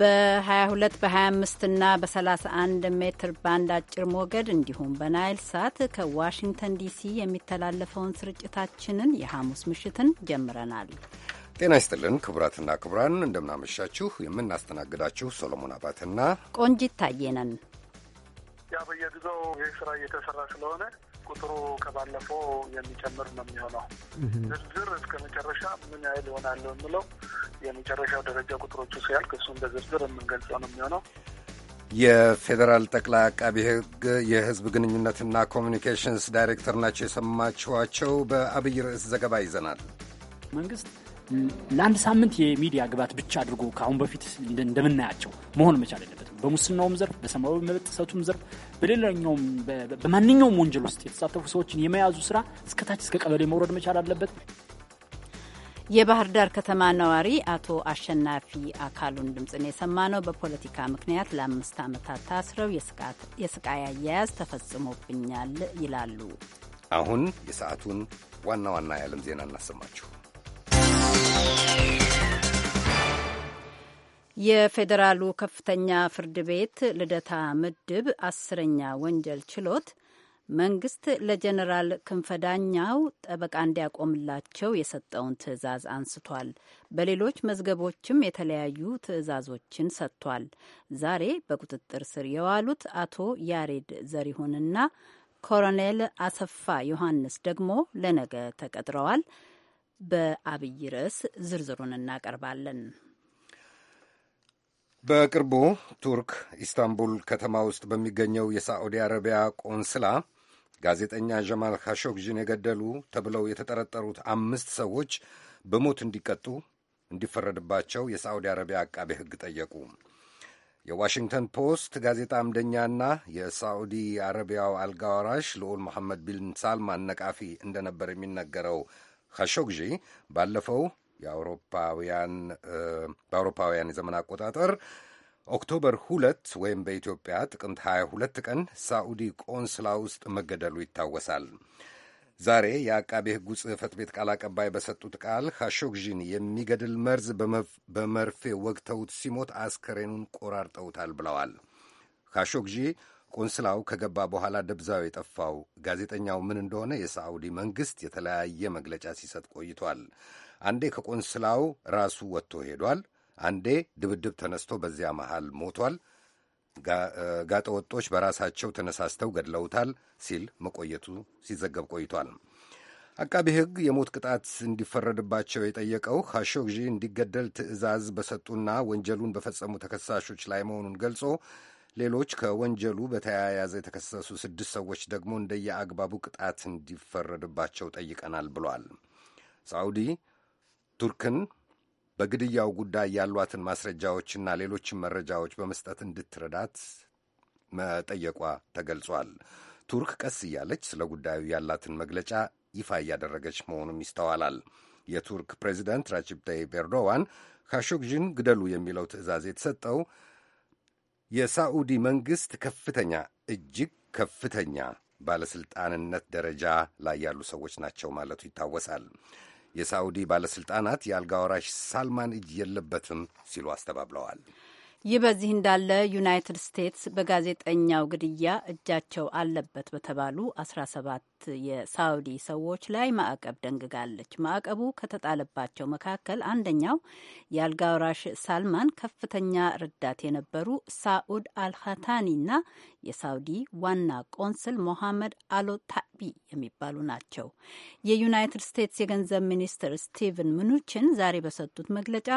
በ22 በ25 እና በ31 ሜትር ባንድ አጭር ሞገድ እንዲሁም በናይል ሳት ከዋሽንግተን ዲሲ የሚተላለፈውን ስርጭታችንን የሐሙስ ምሽትን ጀምረናል። ጤና ይስጥልን ክቡራትና ክቡራን፣ እንደምናመሻችሁ። የምናስተናግዳችሁ ሶሎሞን አባትና ቆንጂት ታዬ ነን። ያ በየጊዜው ይህ ስራ እየተሰራ ስለሆነ ቁጥሩ ከባለፈው የሚጨምር ነው የሚሆነው። ዝርዝር እስከ መጨረሻ ምን ያህል ይሆናለሁ የምለው የመጨረሻው ደረጃ ቁጥሮቹ ሲያልቅ እሱን በዝርዝር የምንገልጸው ነው የሚሆነው። የፌዴራል ጠቅላይ አቃቢ ሕግ የህዝብ ግንኙነትና ኮሚኒኬሽንስ ዳይሬክተር ናቸው የሰማችኋቸው። በአብይ ርዕስ ዘገባ ይዘናል። መንግስት ለአንድ ሳምንት የሚዲያ ግብዓት ብቻ አድርጎ ከአሁን በፊት እንደምናያቸው መሆን መቻል አለበት በሙስናውም ዘርፍ፣ በሰማዊ መብት ጥሰቱም ዘርፍ፣ በሌላኛውም በማንኛውም ወንጀል ውስጥ የተሳተፉ ሰዎችን የመያዙ ስራ እስከታች እስከ ቀበሌ መውረድ መቻል አለበት። የባህር ዳር ከተማ ነዋሪ አቶ አሸናፊ አካሉን ድምፅን ነው በፖለቲካ ምክንያት ለአምስት ዓመታት ታስረው የስቃይ አያያዝ ተፈጽሞብኛል ይላሉ። አሁን የሰዓቱን ዋና ዋና የዓለም ዜና እናሰማችሁ። የፌዴራሉ ከፍተኛ ፍርድ ቤት ልደታ ምድብ አስረኛ ወንጀል ችሎት መንግስት ለጀነራል ክንፈዳኛው ጠበቃ እንዲያቆምላቸው የሰጠውን ትዕዛዝ አንስቷል። በሌሎች መዝገቦችም የተለያዩ ትዕዛዞችን ሰጥቷል። ዛሬ በቁጥጥር ስር የዋሉት አቶ ያሬድ ዘሪሁንና ኮሎኔል አሰፋ ዮሐንስ ደግሞ ለነገ ተቀጥረዋል። በአብይ ርዕስ ዝርዝሩን እናቀርባለን። በቅርቡ ቱርክ ኢስታንቡል ከተማ ውስጥ በሚገኘው የሳዑዲ አረቢያ ቆንስላ ጋዜጠኛ ጀማል ካሾግዥን የገደሉ ተብለው የተጠረጠሩት አምስት ሰዎች በሞት እንዲቀጡ እንዲፈረድባቸው የሳዑዲ አረቢያ አቃቤ ሕግ ጠየቁ። የዋሽንግተን ፖስት ጋዜጣ አምደኛና የሳዑዲ አረቢያው አልጋዋራሽ ልዑል መሐመድ ቢን ሳልማን ነቃፊ እንደነበር የሚነገረው ካሾግዢ ባለፈው በአውሮፓውያን የዘመን አቆጣጠር ኦክቶበር ሁለት ወይም በኢትዮጵያ ጥቅምት 22 ቀን ሳዑዲ ቆንስላ ውስጥ መገደሉ ይታወሳል። ዛሬ የአቃቤ ሕጉ ጽሕፈት ቤት ቃል አቀባይ በሰጡት ቃል ካሾግዢን የሚገድል መርዝ በመርፌ ወግተውት ሲሞት አስከሬኑን ቆራርጠውታል ብለዋል። ካሾግዢ ቆንስላው ከገባ በኋላ ደብዛው የጠፋው ጋዜጠኛው ምን እንደሆነ የሳዑዲ መንግሥት የተለያየ መግለጫ ሲሰጥ ቆይቷል። አንዴ ከቆንስላው ራሱ ወጥቶ ሄዷል። አንዴ ድብድብ ተነስቶ በዚያ መሃል ሞቷል። ጋጠ ወጦች በራሳቸው ተነሳስተው ገድለውታል ሲል መቆየቱ ሲዘገብ ቆይቷል። አቃቢ ሕግ የሞት ቅጣት እንዲፈረድባቸው የጠየቀው ኻሾግዢ እንዲገደል ትዕዛዝ በሰጡና ወንጀሉን በፈጸሙ ተከሳሾች ላይ መሆኑን ገልጾ ሌሎች ከወንጀሉ በተያያዘ የተከሰሱ ስድስት ሰዎች ደግሞ እንደየአግባቡ ቅጣት እንዲፈረድባቸው ጠይቀናል ብሏል። ሳዑዲ ቱርክን በግድያው ጉዳይ ያሏትን ማስረጃዎችና ሌሎችን መረጃዎች በመስጠት እንድትረዳት መጠየቋ ተገልጿል። ቱርክ ቀስ እያለች ስለ ጉዳዩ ያላትን መግለጫ ይፋ እያደረገች መሆኑም ይስተዋላል። የቱርክ ፕሬዚደንት ራጀብ ተይ ኤርዶዋን ካሾግዥን ግደሉ የሚለው ትዕዛዝ የተሰጠው የሳዑዲ መንግሥት ከፍተኛ እጅግ ከፍተኛ ባለሥልጣንነት ደረጃ ላይ ያሉ ሰዎች ናቸው ማለቱ ይታወሳል። የሳዑዲ ባለሥልጣናት የአልጋ ወራሽ ሳልማን እጅ የለበትም ሲሉ አስተባብለዋል። ይህ በዚህ እንዳለ ዩናይትድ ስቴትስ በጋዜጠኛው ግድያ እጃቸው አለበት በተባሉ 17 የሳውዲ ሰዎች ላይ ማዕቀብ ደንግጋለች። ማዕቀቡ ከተጣለባቸው መካከል አንደኛው የአልጋ ወራሽ ሳልማን ከፍተኛ ረዳት የነበሩ ሳኡድ አልሃታኒና የሳውዲ ዋና ቆንስል ሞሐመድ አሎታቢ የሚባሉ ናቸው። የዩናይትድ ስቴትስ የገንዘብ ሚኒስትር ስቲቨን ምኑችን ዛሬ በሰጡት መግለጫ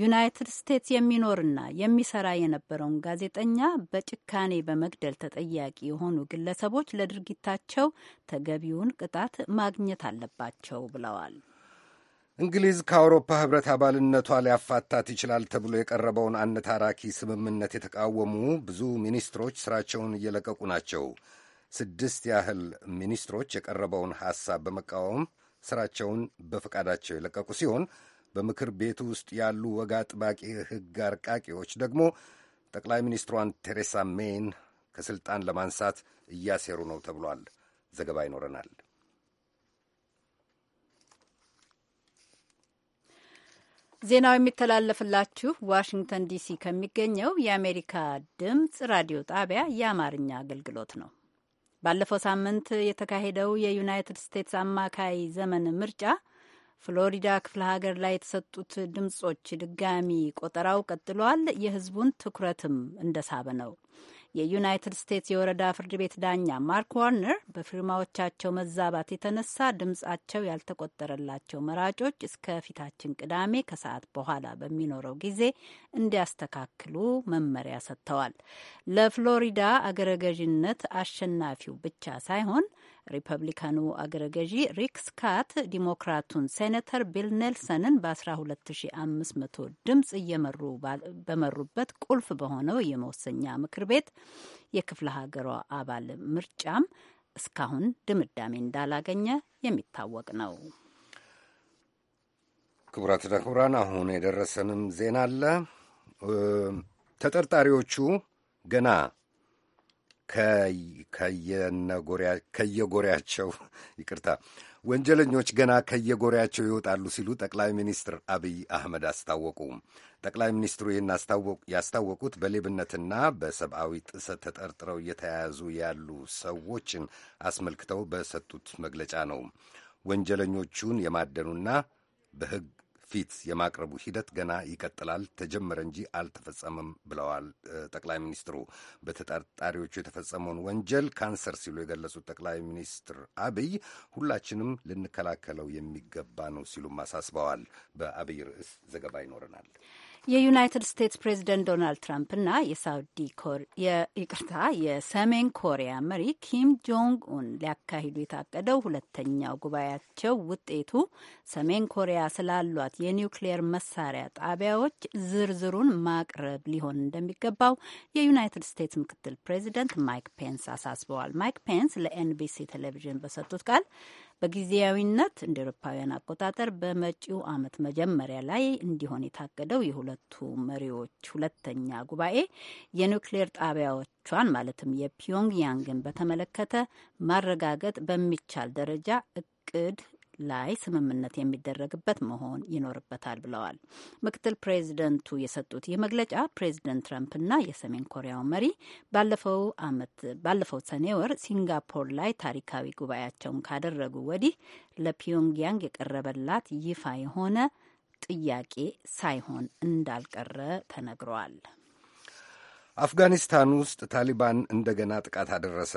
ዩናይትድ ስቴትስ የሚኖርና የሚሰራ የነበረውን ጋዜጠኛ በጭካኔ በመግደል ተጠያቂ የሆኑ ግለሰቦች ለድርጊታቸው ተገቢውን ቅጣት ማግኘት አለባቸው ብለዋል። እንግሊዝ ከአውሮፓ ህብረት አባልነቷ ሊያፋታት ይችላል ተብሎ የቀረበውን አነታራኪ ስምምነት የተቃወሙ ብዙ ሚኒስትሮች ስራቸውን እየለቀቁ ናቸው። ስድስት ያህል ሚኒስትሮች የቀረበውን ሐሳብ በመቃወም ስራቸውን በፈቃዳቸው የለቀቁ ሲሆን በምክር ቤቱ ውስጥ ያሉ ወግ አጥባቂ ሕግ አርቃቂዎች ደግሞ ጠቅላይ ሚኒስትሯን ቴሬሳ ሜይን ከሥልጣን ለማንሳት እያሴሩ ነው ተብሏል። ዘገባ ይኖረናል። ዜናው የሚተላለፍላችሁ ዋሽንግተን ዲሲ ከሚገኘው የአሜሪካ ድምፅ ራዲዮ ጣቢያ የአማርኛ አገልግሎት ነው። ባለፈው ሳምንት የተካሄደው የዩናይትድ ስቴትስ አማካይ ዘመን ምርጫ ፍሎሪዳ ክፍለ ሀገር ላይ የተሰጡት ድምጾች ድጋሚ ቆጠራው ቀጥሏል። የህዝቡን ትኩረትም እንደሳበ ነው። የዩናይትድ ስቴትስ የወረዳ ፍርድ ቤት ዳኛ ማርክ ዋርነር በፊርማዎቻቸው መዛባት የተነሳ ድምጻቸው ያልተቆጠረላቸው መራጮች እስከ ፊታችን ቅዳሜ ከሰዓት በኋላ በሚኖረው ጊዜ እንዲያስተካክሉ መመሪያ ሰጥተዋል። ለፍሎሪዳ አገረገዥነት አሸናፊው ብቻ ሳይሆን ሪፐብሊካኑ አገረ ገዢ ሪክ ስካት ዲሞክራቱን ሴኔተር ቢል ኔልሰንን በ12500 ድምፅ እየመሩ በመሩበት ቁልፍ በሆነው የመወሰኛ ምክር ቤት የክፍለ ሀገሯ አባል ምርጫም እስካሁን ድምዳሜ እንዳላገኘ የሚታወቅ ነው። ክቡራትና ክቡራን አሁን የደረሰንም ዜና አለ። ተጠርጣሪዎቹ ገና ከየጎሪያቸው ይቅርታ ወንጀለኞች ገና ከየጎሪያቸው ይወጣሉ ሲሉ ጠቅላይ ሚኒስትር አብይ አህመድ አስታወቁ። ጠቅላይ ሚኒስትሩ ይህን ያስታወቁት በሌብነትና በሰብአዊ ጥሰት ተጠርጥረው እየተያያዙ ያሉ ሰዎችን አስመልክተው በሰጡት መግለጫ ነው። ወንጀለኞቹን የማደኑና በሕግ ፊት የማቅረቡ ሂደት ገና ይቀጥላል፣ ተጀመረ እንጂ አልተፈጸመም ብለዋል ጠቅላይ ሚኒስትሩ። በተጠርጣሪዎቹ የተፈጸመውን ወንጀል ካንሰር ሲሉ የገለጹት ጠቅላይ ሚኒስትር አብይ ሁላችንም ልንከላከለው የሚገባ ነው ሲሉም አሳስበዋል። በአብይ ርዕስ ዘገባ ይኖረናል። የዩናይትድ ስቴትስ ፕሬዚደንት ዶናልድ ትራምፕና የሳውዲ ይቅርታ የሰሜን ኮሪያ መሪ ኪም ጆንግ ኡን ሊያካሂዱ የታቀደው ሁለተኛው ጉባኤያቸው ውጤቱ ሰሜን ኮሪያ ስላሏት የኒውክሌየር መሳሪያ ጣቢያዎች ዝርዝሩን ማቅረብ ሊሆን እንደሚገባው የዩናይትድ ስቴትስ ምክትል ፕሬዚደንት ማይክ ፔንስ አሳስበዋል። ማይክ ፔንስ ለኤንቢሲ ቴሌቪዥን በሰጡት ቃል በጊዜያዊነት እንደ ኤሮፓውያን አቆጣጠር በመጪው ዓመት መጀመሪያ ላይ እንዲሆን የታቀደው የሁለቱ መሪዎች ሁለተኛ ጉባኤ የኒውክሌር ጣቢያዎቿን ማለትም የፒዮንግያንግን በተመለከተ ማረጋገጥ በሚቻል ደረጃ እቅድ ላይ ስምምነት የሚደረግበት መሆን ይኖርበታል ብለዋል። ምክትል ፕሬዚደንቱ የሰጡት ይህ መግለጫ ፕሬዚደንት ትራምፕና የሰሜን ኮሪያው መሪ ባለፈው አመት ባለፈው ሰኔ ወር ሲንጋፖር ላይ ታሪካዊ ጉባኤያቸውን ካደረጉ ወዲህ ለፒዮንግያንግ የቀረበላት ይፋ የሆነ ጥያቄ ሳይሆን እንዳልቀረ ተነግሯል። አፍጋኒስታን ውስጥ ታሊባን እንደገና ጥቃት አደረሰ።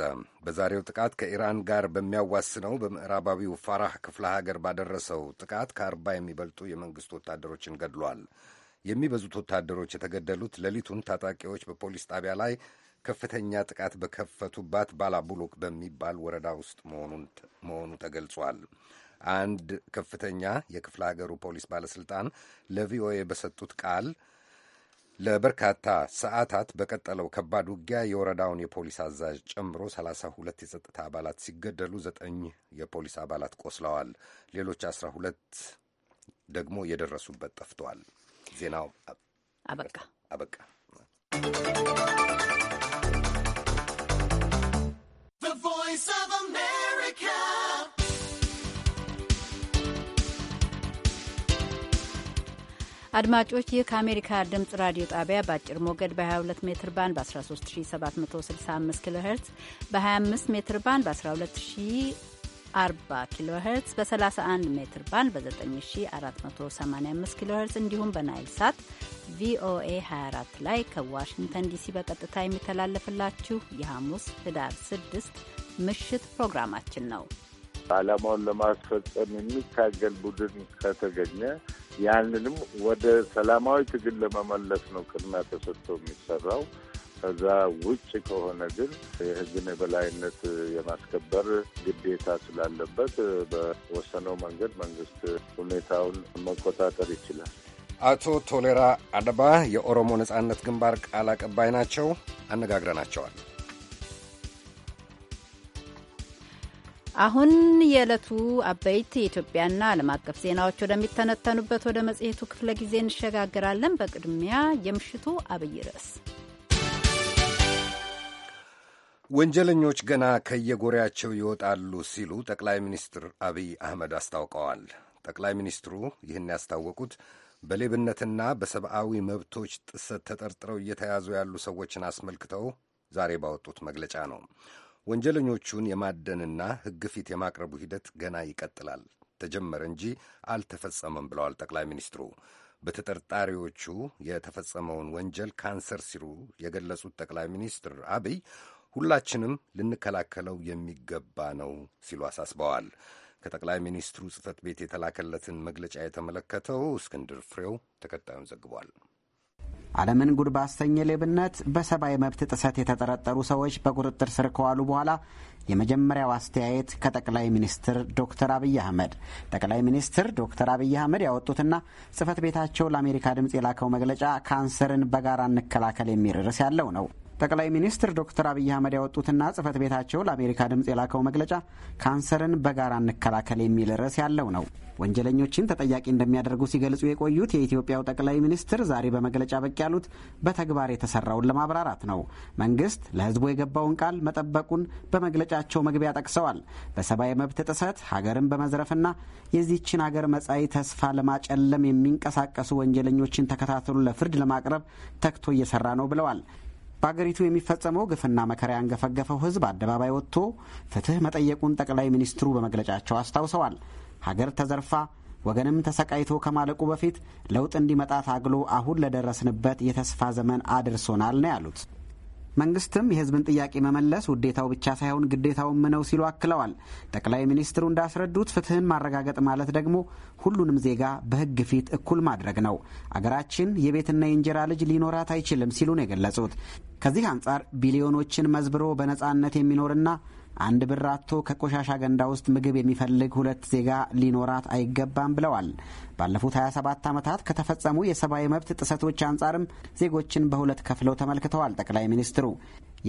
በዛሬው ጥቃት ከኢራን ጋር በሚያዋስነው በምዕራባዊው ፋራህ ክፍለ ሀገር ባደረሰው ጥቃት ከአርባ የሚበልጡ የመንግሥት ወታደሮችን ገድሏል። የሚበዙት ወታደሮች የተገደሉት ሌሊቱን ታጣቂዎች በፖሊስ ጣቢያ ላይ ከፍተኛ ጥቃት በከፈቱባት ባላቡሎክ በሚባል ወረዳ ውስጥ መሆኑ ተገልጿል። አንድ ከፍተኛ የክፍለ ሀገሩ ፖሊስ ባለሥልጣን ለቪኦኤ በሰጡት ቃል ለበርካታ ሰዓታት በቀጠለው ከባድ ውጊያ የወረዳውን የፖሊስ አዛዥ ጨምሮ 32 የጸጥታ አባላት ሲገደሉ ዘጠኝ የፖሊስ አባላት ቆስለዋል። ሌሎች 12 ደግሞ የደረሱበት ጠፍተዋል። ዜናው አበቃ አበቃ። አድማጮች ይህ ከአሜሪካ ድምፅ ራዲዮ ጣቢያ በአጭር ሞገድ በ22 ሜትር ባንድ በ13765 ኪሎ ሄርትስ በ25 ሜትር ባንድ በ12040 ኪሎ ሄርትስ በ31 ሜትር ባንድ በ9485 ኪሎ ሄርትስ እንዲሁም በናይል ሳት ቪኦኤ 24 ላይ ከዋሽንግተን ዲሲ በቀጥታ የሚተላለፍላችሁ የሐሙስ ህዳር 6 ምሽት ፕሮግራማችን ነው። ዓላማውን ለማስፈጸም የሚታገል ቡድን ከተገኘ ያንንም ወደ ሰላማዊ ትግል ለመመለስ ነው ቅድሚያ ተሰጥቶ የሚሰራው። ከዛ ውጭ ከሆነ ግን የሕግን የበላይነት የማስከበር ግዴታ ስላለበት በወሰነው መንገድ መንግስት ሁኔታውን መቆጣጠር ይችላል። አቶ ቶሌራ አደባ የኦሮሞ ነጻነት ግንባር ቃል አቀባይ ናቸው። አነጋግረናቸዋል። አሁን የዕለቱ አበይት የኢትዮጵያና ዓለም አቀፍ ዜናዎች ወደሚተነተኑበት ወደ መጽሔቱ ክፍለ ጊዜ እንሸጋግራለን። በቅድሚያ የምሽቱ አብይ ርዕስ ወንጀለኞች ገና ከየጎሪያቸው ይወጣሉ ሲሉ ጠቅላይ ሚኒስትር አብይ አህመድ አስታውቀዋል። ጠቅላይ ሚኒስትሩ ይህን ያስታወቁት በሌብነትና በሰብአዊ መብቶች ጥሰት ተጠርጥረው እየተያዙ ያሉ ሰዎችን አስመልክተው ዛሬ ባወጡት መግለጫ ነው። ወንጀለኞቹን የማደንና ሕግ ፊት የማቅረቡ ሂደት ገና ይቀጥላል፣ ተጀመረ እንጂ አልተፈጸመም ብለዋል ጠቅላይ ሚኒስትሩ። በተጠርጣሪዎቹ የተፈጸመውን ወንጀል ካንሰር ሲሉ የገለጹት ጠቅላይ ሚኒስትር አብይ ሁላችንም ልንከላከለው የሚገባ ነው ሲሉ አሳስበዋል። ከጠቅላይ ሚኒስትሩ ጽህፈት ቤት የተላከለትን መግለጫ የተመለከተው እስክንድር ፍሬው ተከታዩን ዘግቧል። ዓለምን ጉድ ባሰኘ ሌብነት በሰብአዊ መብት ጥሰት የተጠረጠሩ ሰዎች በቁጥጥር ስር ከዋሉ በኋላ የመጀመሪያው አስተያየት ከጠቅላይ ሚኒስትር ዶክተር አብይ አህመድ። ጠቅላይ ሚኒስትር ዶክተር አብይ አህመድ ያወጡትና ጽህፈት ቤታቸው ለአሜሪካ ድምፅ የላከው መግለጫ ካንሰርን በጋራ እንከላከል የሚል ርዕስ ያለው ነው። ጠቅላይ ሚኒስትር ዶክተር አብይ አህመድ ያወጡትና ጽህፈት ቤታቸው ለአሜሪካ ድምፅ የላከው መግለጫ ካንሰርን በጋራ እንከላከል የሚል ርዕስ ያለው ነው። ወንጀለኞችን ተጠያቂ እንደሚያደርጉ ሲገልጹ የቆዩት የኢትዮጵያው ጠቅላይ ሚኒስትር ዛሬ በመግለጫ በቅ ያሉት በተግባር የተሰራውን ለማብራራት ነው። መንግስት ለህዝቡ የገባውን ቃል መጠበቁን በመግለጫቸው መግቢያ ጠቅሰዋል። በሰብአዊ መብት ጥሰት ሀገርን በመዝረፍና የዚችን ሀገር መጻኢ ተስፋ ለማጨለም የሚንቀሳቀሱ ወንጀለኞችን ተከታትሎ ለፍርድ ለማቅረብ ተግቶ እየሰራ ነው ብለዋል። በአገሪቱ የሚፈጸመው ግፍና መከራ ያንገፈገፈው ህዝብ አደባባይ ወጥቶ ፍትህ መጠየቁን ጠቅላይ ሚኒስትሩ በመግለጫቸው አስታውሰዋል። ሀገር ተዘርፋ ወገንም ተሰቃይቶ ከማለቁ በፊት ለውጥ እንዲመጣ ታግሎ አሁን ለደረስንበት የተስፋ ዘመን አድርሶናል ነው ያሉት። መንግስትም የህዝብን ጥያቄ መመለስ ውዴታው ብቻ ሳይሆን ግዴታውም ነው ሲሉ አክለዋል። ጠቅላይ ሚኒስትሩ እንዳስረዱት ፍትህን ማረጋገጥ ማለት ደግሞ ሁሉንም ዜጋ በህግ ፊት እኩል ማድረግ ነው። አገራችን የቤትና የእንጀራ ልጅ ሊኖራት አይችልም ሲሉ ነው የገለጹት። ከዚህ አንጻር ቢሊዮኖችን መዝብሮ በነጻነት የሚኖርና አንድ ብር አጥቶ ከቆሻሻ ገንዳ ውስጥ ምግብ የሚፈልግ ሁለት ዜጋ ሊኖራት አይገባም ብለዋል። ባለፉት 27 ዓመታት ከተፈጸሙ የሰብአዊ መብት ጥሰቶች አንጻርም ዜጎችን በሁለት ከፍለው ተመልክተዋል። ጠቅላይ ሚኒስትሩ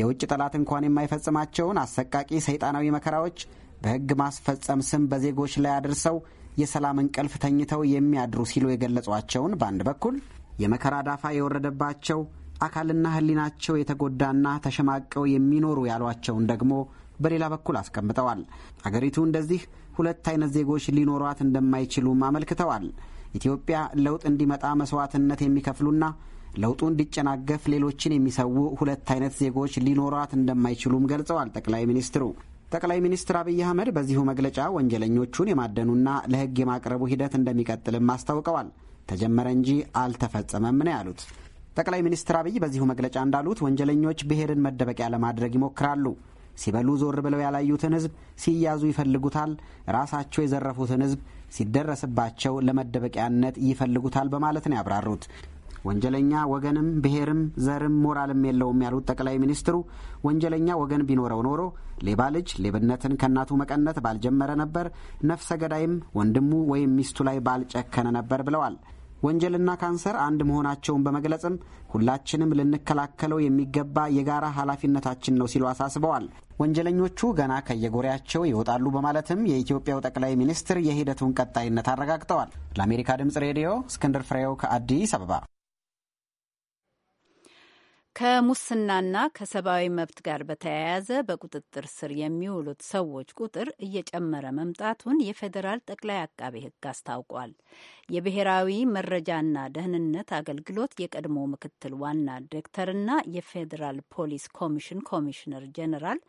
የውጭ ጠላት እንኳን የማይፈጽማቸውን አሰቃቂ ሰይጣናዊ መከራዎች በሕግ ማስፈጸም ስም በዜጎች ላይ አድርሰው የሰላም እንቅልፍ ተኝተው የሚያድሩ ሲሉ የገለጿቸውን በአንድ በኩል የመከራ ዳፋ የወረደባቸው አካልና ሕሊናቸው የተጎዳና ተሸማቀው የሚኖሩ ያሏቸውን ደግሞ በሌላ በኩል አስቀምጠዋል። አገሪቱ እንደዚህ ሁለት አይነት ዜጎች ሊኖሯት እንደማይችሉም አመልክተዋል። ኢትዮጵያ ለውጥ እንዲመጣ መስዋዕትነት የሚከፍሉና ለውጡ እንዲጨናገፍ ሌሎችን የሚሰዉ ሁለት አይነት ዜጎች ሊኖሯት እንደማይችሉም ገልጸዋል ጠቅላይ ሚኒስትሩ። ጠቅላይ ሚኒስትር አብይ አህመድ በዚሁ መግለጫ ወንጀለኞቹን የማደኑና ለሕግ የማቅረቡ ሂደት እንደሚቀጥልም አስታውቀዋል። ተጀመረ እንጂ አልተፈጸመም ነው ያሉት። ጠቅላይ ሚኒስትር አብይ በዚሁ መግለጫ እንዳሉት ወንጀለኞች ብሔርን መደበቂያ ለማድረግ ይሞክራሉ። ሲበሉ ዞር ብለው ያላዩትን ህዝብ ሲያዙ ይፈልጉታል፣ ራሳቸው የዘረፉትን ህዝብ ሲደረስባቸው ለመደበቂያነት ይፈልጉታል በማለት ነው ያብራሩት። ወንጀለኛ ወገንም ብሔርም ዘርም ሞራልም የለውም ያሉት ጠቅላይ ሚኒስትሩ ወንጀለኛ ወገን ቢኖረው ኖሮ ሌባ ልጅ ሌብነትን ከእናቱ መቀነት ባልጀመረ ነበር፣ ነፍሰ ገዳይም ወንድሙ ወይም ሚስቱ ላይ ባልጨከነ ነበር ብለዋል። ወንጀልና ካንሰር አንድ መሆናቸውን በመግለጽም ሁላችንም ልንከላከለው የሚገባ የጋራ ኃላፊነታችን ነው ሲሉ አሳስበዋል። ወንጀለኞቹ ገና ከየጎሪያቸው ይወጣሉ በማለትም የኢትዮጵያው ጠቅላይ ሚኒስትር የሂደቱን ቀጣይነት አረጋግጠዋል። ለአሜሪካ ድምጽ ሬዲዮ እስክንድር ፍሬው ከአዲስ አበባ ከሙስናና ከሰብአዊ መብት ጋር በተያያዘ በቁጥጥር ስር የሚውሉት ሰዎች ቁጥር እየጨመረ መምጣቱን የፌዴራል ጠቅላይ አቃቤ ሕግ አስታውቋል። የብሔራዊ መረጃና ደህንነት አገልግሎት የቀድሞ ምክትል ዋና ዲሬክተርና የፌዴራል ፖሊስ ኮሚሽን ኮሚሽነር ጄኔራል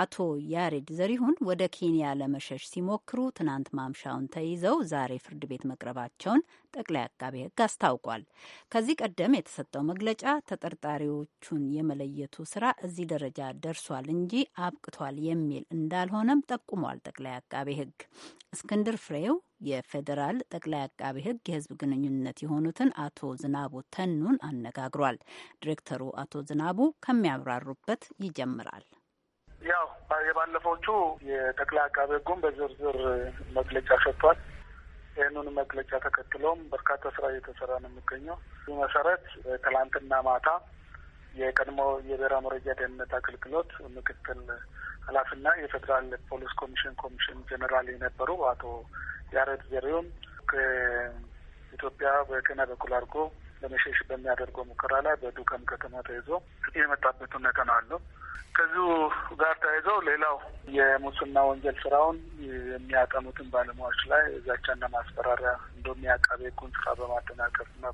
አቶ ያሬድ ዘሪሁን ወደ ኬንያ ለመሸሽ ሲሞክሩ ትናንት ማምሻውን ተይዘው ዛሬ ፍርድ ቤት መቅረባቸውን ጠቅላይ አቃቤ ሕግ አስታውቋል። ከዚህ ቀደም የተሰጠው መግለጫ ተጠርጣሪዎቹን የመለየቱ ስራ እዚህ ደረጃ ደርሷል እንጂ አብቅቷል የሚል እንዳልሆነም ጠቁሟል። ጠቅላይ አቃቤ ሕግ እስክንድር ፍሬው የፌዴራል ጠቅላይ አቃቤ ሕግ የህዝብ ግንኙነት የሆኑትን አቶ ዝናቡ ተኑን አነጋግሯል። ዲሬክተሩ አቶ ዝናቡ ከሚያብራሩበት ይጀምራል። ያው የባለፈዎቹ የጠቅላይ አቃቤ ሕጉም በዝርዝር መግለጫ ሰጥቷል። ይህንን መግለጫ ተከትሎም በርካታ ስራ እየተሰራ ነው የሚገኘው። ይህ መሰረት ትላንትና ማታ የቀድሞ የብሔራዊ መረጃ ደህንነት አገልግሎት ምክትል ኃላፊና የፌዴራል ፖሊስ ኮሚሽን ኮሚሽን ጀኔራል የነበሩ አቶ ያሬድ ዘሪሁን ከኢትዮጵያ በኬንያ በኩል አድርጎ ለመሸሽ በሚያደርገው ሙከራ ላይ በዱከም ከተማ ተይዞ የመጣበት ሁኔታ ነው አለው። ከዚሁ ጋር ተያይዘው ሌላው የሙስና ወንጀል ስራውን የሚያጠኑትን ባለሙያዎች ላይ ዛቻና ማስፈራሪያ እንደውም የአቃቤ ቁንጽፋ በማደናቀፍና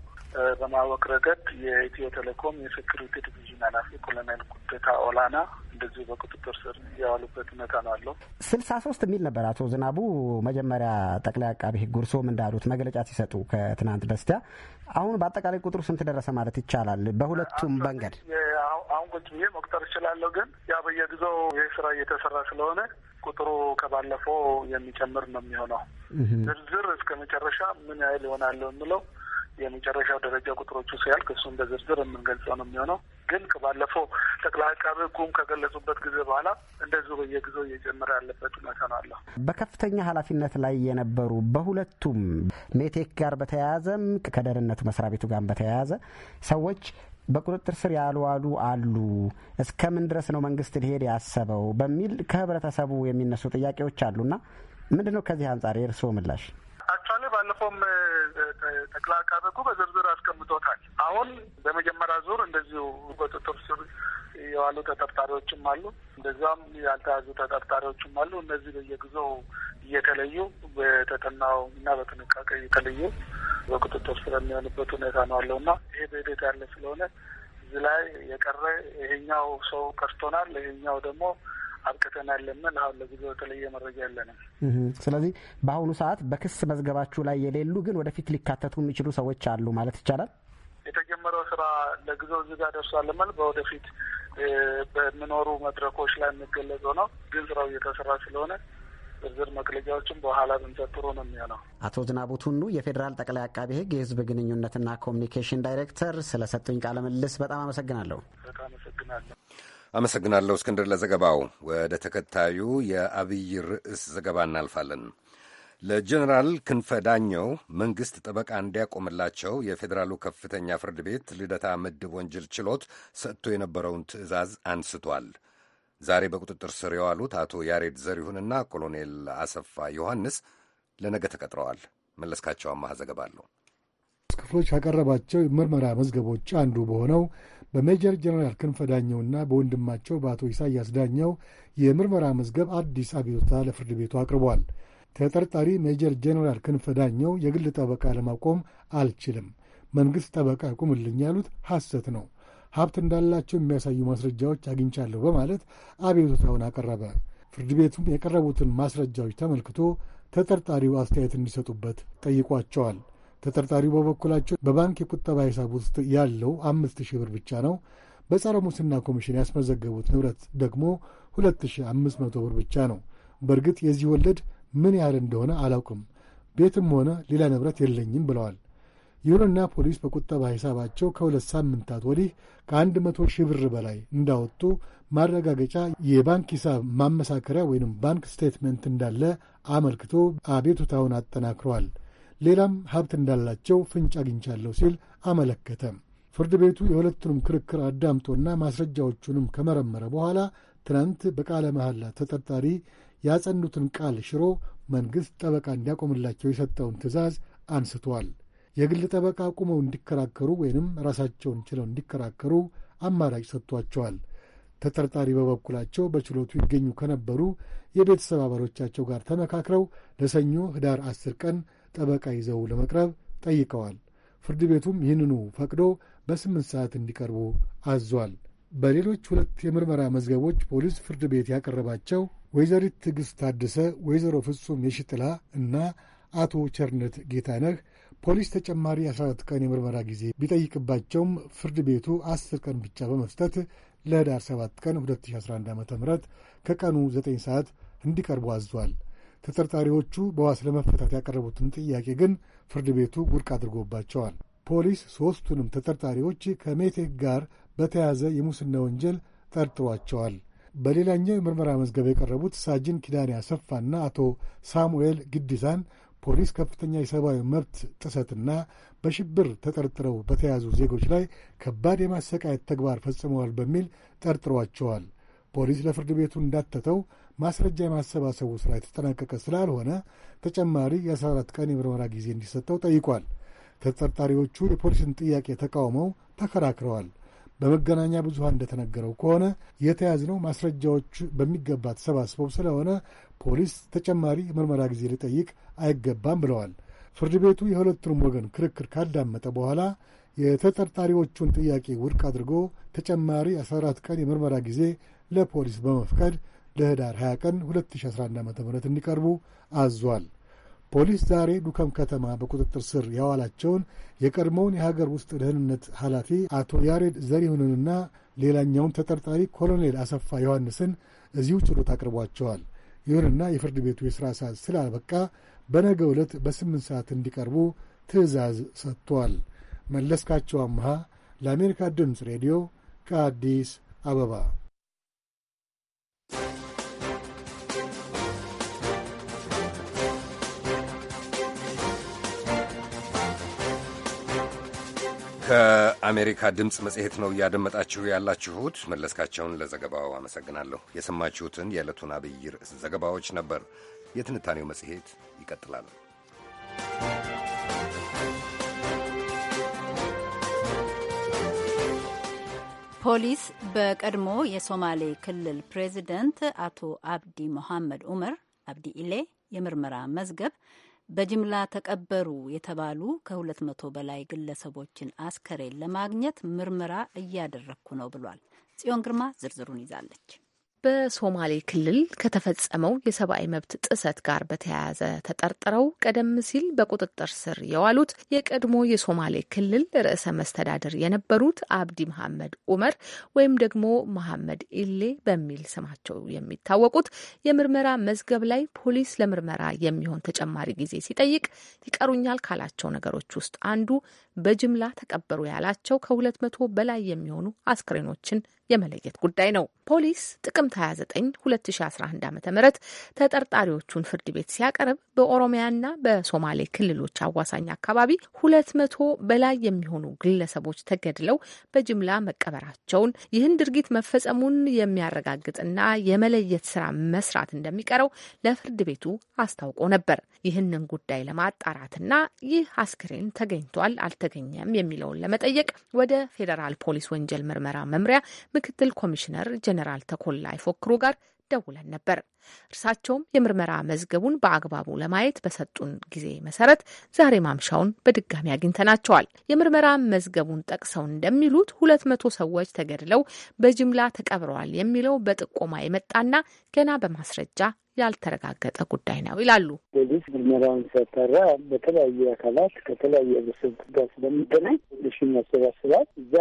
በማወቅ ረገድ የኢትዮ ቴሌኮም የሴኩሪቲ ዲቪዥን ኃላፊ ኮሎኔል ጉደታ ኦላና እንደዚሁ በቁጥጥር ስር እያዋሉበት ሁኔታ ነው አለው። ስልሳ ሶስት የሚል ነበር አቶ ዝናቡ መጀመሪያ ጠቅላይ አቃቤ ሕግ እርስዎም እንዳሉት መግለጫ ሲሰጡ ከትናንት በስቲያ። አሁን በአጠቃላይ ቁጥሩ ስንት ደረሰ ማለት ይቻላል? በሁለቱም መንገድ አሁን ቁጭ ብዬ መቁጠር እችላለሁ፣ ግን ያ በየጊዜው ይህ ስራ እየተሰራ ስለሆነ ቁጥሩ ከባለፈው የሚጨምር ነው የሚሆነው። ዝርዝር እስከ መጨረሻ ምን ያህል ይሆናል የምለው የመጨረሻው ደረጃ ቁጥሮቹ ሲያልቅ እሱን በዝርዝር የምንገልጸው ነው የሚሆነው። ግን ከባለፈው ጠቅላይ አቃቢ ሕጉም ከገለጹበት ጊዜ በኋላ እንደዚሁ በየጊዜው እየጨመረ ያለበት ሁኔታ ነው በከፍተኛ ኃላፊነት ላይ የነበሩ በሁለቱም ሜቴክ ጋር በተያያዘም ከደህንነቱ መስሪያ ቤቱ ጋር በተያያዘ ሰዎች በቁጥጥር ስር ያልዋሉ አሉ። እስከምን ድረስ ነው መንግስት ሊሄድ ያሰበው በሚል ከህብረተሰቡ የሚነሱ ጥያቄዎች አሉና ምንድን ነው ከዚህ አንጻር የእርስዎ ምላሽ? አክቹዋሊ ባለፈውም ጠቅላይ አቃቤ ሕጉ በዝርዝር አስቀምጦታል። አሁን በመጀመሪያ ዙር እንደዚሁ ቁጥጥር ስር የዋሉ ተጠርጣሪዎችም አሉ። እንደዛም ያልተያዙ ተጠርጣሪዎችም አሉ። እነዚህ በየጊዜው እየተለዩ በተጠናው እና በጥንቃቄ እየተለዩ በቁጥጥር ስር የሚሆንበት ሁኔታ ነው አለው እና ይሄ በሂደት ያለ ስለሆነ እዚህ ላይ የቀረ ይሄኛው ሰው ቀርቶናል፣ ይሄኛው ደግሞ አብቅተናል የምል አሁን ለጊዜው የተለየ መረጃ የለንም። ስለዚህ በአሁኑ ሰዓት በክስ መዝገባችሁ ላይ የሌሉ ግን ወደፊት ሊካተቱ የሚችሉ ሰዎች አሉ ማለት ይቻላል። የተጀመረው ስራ ለጊዜው እዚህ ጋር ደርሷል የምል በወደፊት በሚኖሩ መድረኮች ላይ የሚገለጸው ነው። ግን ስራው እየተሰራ ስለሆነ ዝርዝር መግለጫዎችን በኋላ ብንሰጥ ጥሩ ነው የሚሆነው። አቶ ዝናቡ ቱኑ የፌዴራል ጠቅላይ አቃቢ ሕግ የህዝብ ግንኙነትና ኮሚኒኬሽን ዳይሬክተር ሰጡኝ ቃለ ምልልስ በጣም አመሰግናለሁ። በጣም አመሰግናለሁ። አመሰግናለሁ እስክንድር ለዘገባው። ወደ ተከታዩ የአብይ ርዕስ ዘገባ እናልፋለን። ለጀኔራል ክንፈ ዳኘው መንግሥት ጠበቃ እንዲያቆምላቸው የፌዴራሉ ከፍተኛ ፍርድ ቤት ልደታ ምድብ ወንጀል ችሎት ሰጥቶ የነበረውን ትዕዛዝ አንስቷል። ዛሬ በቁጥጥር ስር የዋሉት አቶ ያሬድ ዘሪሁንና ኮሎኔል አሰፋ ዮሐንስ ለነገ ተቀጥረዋል። መለስካቸው አማሃ ዘገባ አለው። ክፍሎች ካቀረባቸው የምርመራ መዝገቦች አንዱ በሆነው በሜጀር ጀነራል ክንፈ ዳኘውና በወንድማቸው በአቶ ኢሳያስ ዳኘው የምርመራ መዝገብ አዲስ አቤቱታ ለፍርድ ቤቱ አቅርቧል። ተጠርጣሪ ሜጀር ጄኔራል ክንፈ ዳኘው የግል ጠበቃ ለማቆም አልችልም፣ መንግሥት ጠበቃ ቁምልኝ ያሉት ሐሰት ነው፣ ሀብት እንዳላቸው የሚያሳዩ ማስረጃዎች አግኝቻለሁ በማለት አቤቱታውን አቀረበ። ፍርድ ቤቱም የቀረቡትን ማስረጃዎች ተመልክቶ ተጠርጣሪው አስተያየት እንዲሰጡበት ጠይቋቸዋል። ተጠርጣሪው በበኩላቸው በባንክ የቁጠባ ሂሳብ ውስጥ ያለው አምስት ሺህ ብር ብቻ ነው። በጸረ ሙስና ኮሚሽን ያስመዘገቡት ንብረት ደግሞ ሁለት ሺህ አምስት መቶ ብር ብቻ ነው። በእርግጥ የዚህ ወለድ ምን ያህል እንደሆነ አላውቅም። ቤትም ሆነ ሌላ ንብረት የለኝም ብለዋል። ይሁንና ፖሊስ በቁጠባ ሂሳባቸው ከሁለት ሳምንታት ወዲህ ከአንድ መቶ ሺህ ብር በላይ እንዳወጡ ማረጋገጫ የባንክ ሂሳብ ማመሳከሪያ ወይም ባንክ ስቴትመንት እንዳለ አመልክቶ አቤቱታውን አጠናክረዋል። ሌላም ሀብት እንዳላቸው ፍንጭ አግኝቻለሁ ሲል አመለከተ። ፍርድ ቤቱ የሁለቱንም ክርክር አዳምጦና ማስረጃዎቹንም ከመረመረ በኋላ ትናንት በቃለ መሐላ ተጠርጣሪ ያጸኑትን ቃል ሽሮ መንግሥት ጠበቃ እንዲያቆምላቸው የሰጠውን ትዕዛዝ አንስቷል። የግል ጠበቃ ቁመው እንዲከራከሩ ወይንም ራሳቸውን ችለው እንዲከራከሩ አማራጭ ሰጥቷቸዋል። ተጠርጣሪ በበኩላቸው በችሎቱ ይገኙ ከነበሩ የቤተሰብ አባሎቻቸው ጋር ተመካክረው ለሰኞ ኅዳር አስር ቀን ጠበቃ ይዘው ለመቅረብ ጠይቀዋል። ፍርድ ቤቱም ይህንኑ ፈቅዶ በስምንት ሰዓት እንዲቀርቡ አዟል። በሌሎች ሁለት የምርመራ መዝገቦች ፖሊስ ፍርድ ቤት ያቀረባቸው ወይዘሪት ትዕግሥት ታደሰ፣ ወይዘሮ ፍጹም የሽጥላ እና አቶ ቸርነት ጌታነህ ፖሊስ ተጨማሪ 14 ቀን የምርመራ ጊዜ ቢጠይቅባቸውም ፍርድ ቤቱ 10 ቀን ብቻ በመስጠት ለህዳር 7 ቀን 2011 ዓ ም ከቀኑ 9 ሰዓት እንዲቀርቡ አዟል። ተጠርጣሪዎቹ በዋስ ለመፈታት ያቀረቡትን ጥያቄ ግን ፍርድ ቤቱ ውድቅ አድርጎባቸዋል። ፖሊስ ሦስቱንም ተጠርጣሪዎች ከሜቴክ ጋር በተያያዘ የሙስና ወንጀል ጠርጥሯቸዋል። በሌላኛው የምርመራ መዝገብ የቀረቡት ሳጅን ኪዳኔ አሰፋና አቶ ሳሙኤል ግዲዛን ፖሊስ ከፍተኛ የሰብአዊ መብት ጥሰትና በሽብር ተጠርጥረው በተያዙ ዜጎች ላይ ከባድ የማሰቃየት ተግባር ፈጽመዋል በሚል ጠርጥሯቸዋል። ፖሊስ ለፍርድ ቤቱ እንዳተተው ማስረጃ የማሰባሰቡ ሥራ የተጠናቀቀ ስላልሆነ ተጨማሪ የ14 ቀን የምርመራ ጊዜ እንዲሰጠው ጠይቋል። ተጠርጣሪዎቹ የፖሊስን ጥያቄ ተቃውመው ተከራክረዋል። በመገናኛ ብዙሃን እንደተነገረው ከሆነ የተያዝነው ማስረጃዎች በሚገባ ተሰባስበው ስለሆነ ፖሊስ ተጨማሪ ምርመራ ጊዜ ሊጠይቅ አይገባም ብለዋል። ፍርድ ቤቱ የሁለቱንም ወገን ክርክር ካዳመጠ በኋላ የተጠርጣሪዎቹን ጥያቄ ውድቅ አድርጎ ተጨማሪ 14 ቀን የምርመራ ጊዜ ለፖሊስ በመፍቀድ ለህዳር 20 ቀን 2011 ዓ ም እንዲቀርቡ አዟል። ፖሊስ ዛሬ ዱከም ከተማ በቁጥጥር ስር ያዋላቸውን የቀድሞውን የሀገር ውስጥ ደህንነት ኃላፊ አቶ ያሬድ ዘሪሁንንና ሌላኛውን ተጠርጣሪ ኮሎኔል አሰፋ ዮሐንስን እዚሁ ችሎት አቅርቧቸዋል። ይሁንና የፍርድ ቤቱ የሥራ ሰዓት ስላበቃ በነገ ዕለት በስምንት ሰዓት እንዲቀርቡ ትዕዛዝ ሰጥቷል። መለስካቸው አምሃ ለአሜሪካ ድምፅ ሬዲዮ ከአዲስ አበባ ከአሜሪካ ድምፅ መጽሔት ነው እያደመጣችሁ ያላችሁት። መለስካቸውን ለዘገባው አመሰግናለሁ። የሰማችሁትን የዕለቱን አብይ ርዕስ ዘገባዎች ነበር። የትንታኔው መጽሔት ይቀጥላል። ፖሊስ በቀድሞ የሶማሌ ክልል ፕሬዚደንት አቶ አብዲ ሞሐመድ ኡመር አብዲ ኢሌ የምርመራ መዝገብ በጅምላ ተቀበሩ የተባሉ ከሁለት መቶ በላይ ግለሰቦችን አስከሬን ለማግኘት ምርመራ እያደረግኩ ነው ብሏል። ጽዮን ግርማ ዝርዝሩን ይዛለች። በሶማሌ ክልል ከተፈጸመው የሰብአዊ መብት ጥሰት ጋር በተያያዘ ተጠርጥረው ቀደም ሲል በቁጥጥር ስር የዋሉት የቀድሞ የሶማሌ ክልል ርዕሰ መስተዳድር የነበሩት አብዲ መሐመድ ኡመር ወይም ደግሞ መሐመድ ኢሌ በሚል ስማቸው የሚታወቁት የምርመራ መዝገብ ላይ ፖሊስ ለምርመራ የሚሆን ተጨማሪ ጊዜ ሲጠይቅ ይቀሩኛል ካላቸው ነገሮች ውስጥ አንዱ በጅምላ ተቀበሩ ያላቸው ከሁለት መቶ በላይ የሚሆኑ አስክሬኖችን የመለየት ጉዳይ ነው። ፖሊስ ጥቅምት 29 2011 ዓ ም ተጠርጣሪዎቹን ፍርድ ቤት ሲያቀርብ በኦሮሚያና በሶማሌ ክልሎች አዋሳኝ አካባቢ ሁለት መቶ በላይ የሚሆኑ ግለሰቦች ተገድለው በጅምላ መቀበራቸውን ይህን ድርጊት መፈጸሙን የሚያረጋግጥና የመለየት ስራ መስራት እንደሚቀረው ለፍርድ ቤቱ አስታውቆ ነበር። ይህንን ጉዳይ ለማጣራትና ይህ አስክሬን ተገኝቷል አልተገኘም የሚለውን ለመጠየቅ ወደ ፌዴራል ፖሊስ ወንጀል ምርመራ መምሪያ ምክትል ኮሚሽነር ጀኔራል ተኮላ ይፎክሩ ጋር ደውለን ነበር። እርሳቸውም የምርመራ መዝገቡን በአግባቡ ለማየት በሰጡን ጊዜ መሰረት ዛሬ ማምሻውን በድጋሚ አግኝተናቸዋል። የምርመራ መዝገቡን ጠቅሰው እንደሚሉት ሁለት መቶ ሰዎች ተገድለው በጅምላ ተቀብረዋል የሚለው በጥቆማ የመጣና ገና በማስረጃ ያልተረጋገጠ ጉዳይ ነው ይላሉ። ፖሊስ ምርመራውን ሲያጠራ በተለያዩ አካላት ከተለያዩ ብስብ ጋር ስለሚገናኝ ሽን ያሰባስባል። እዛ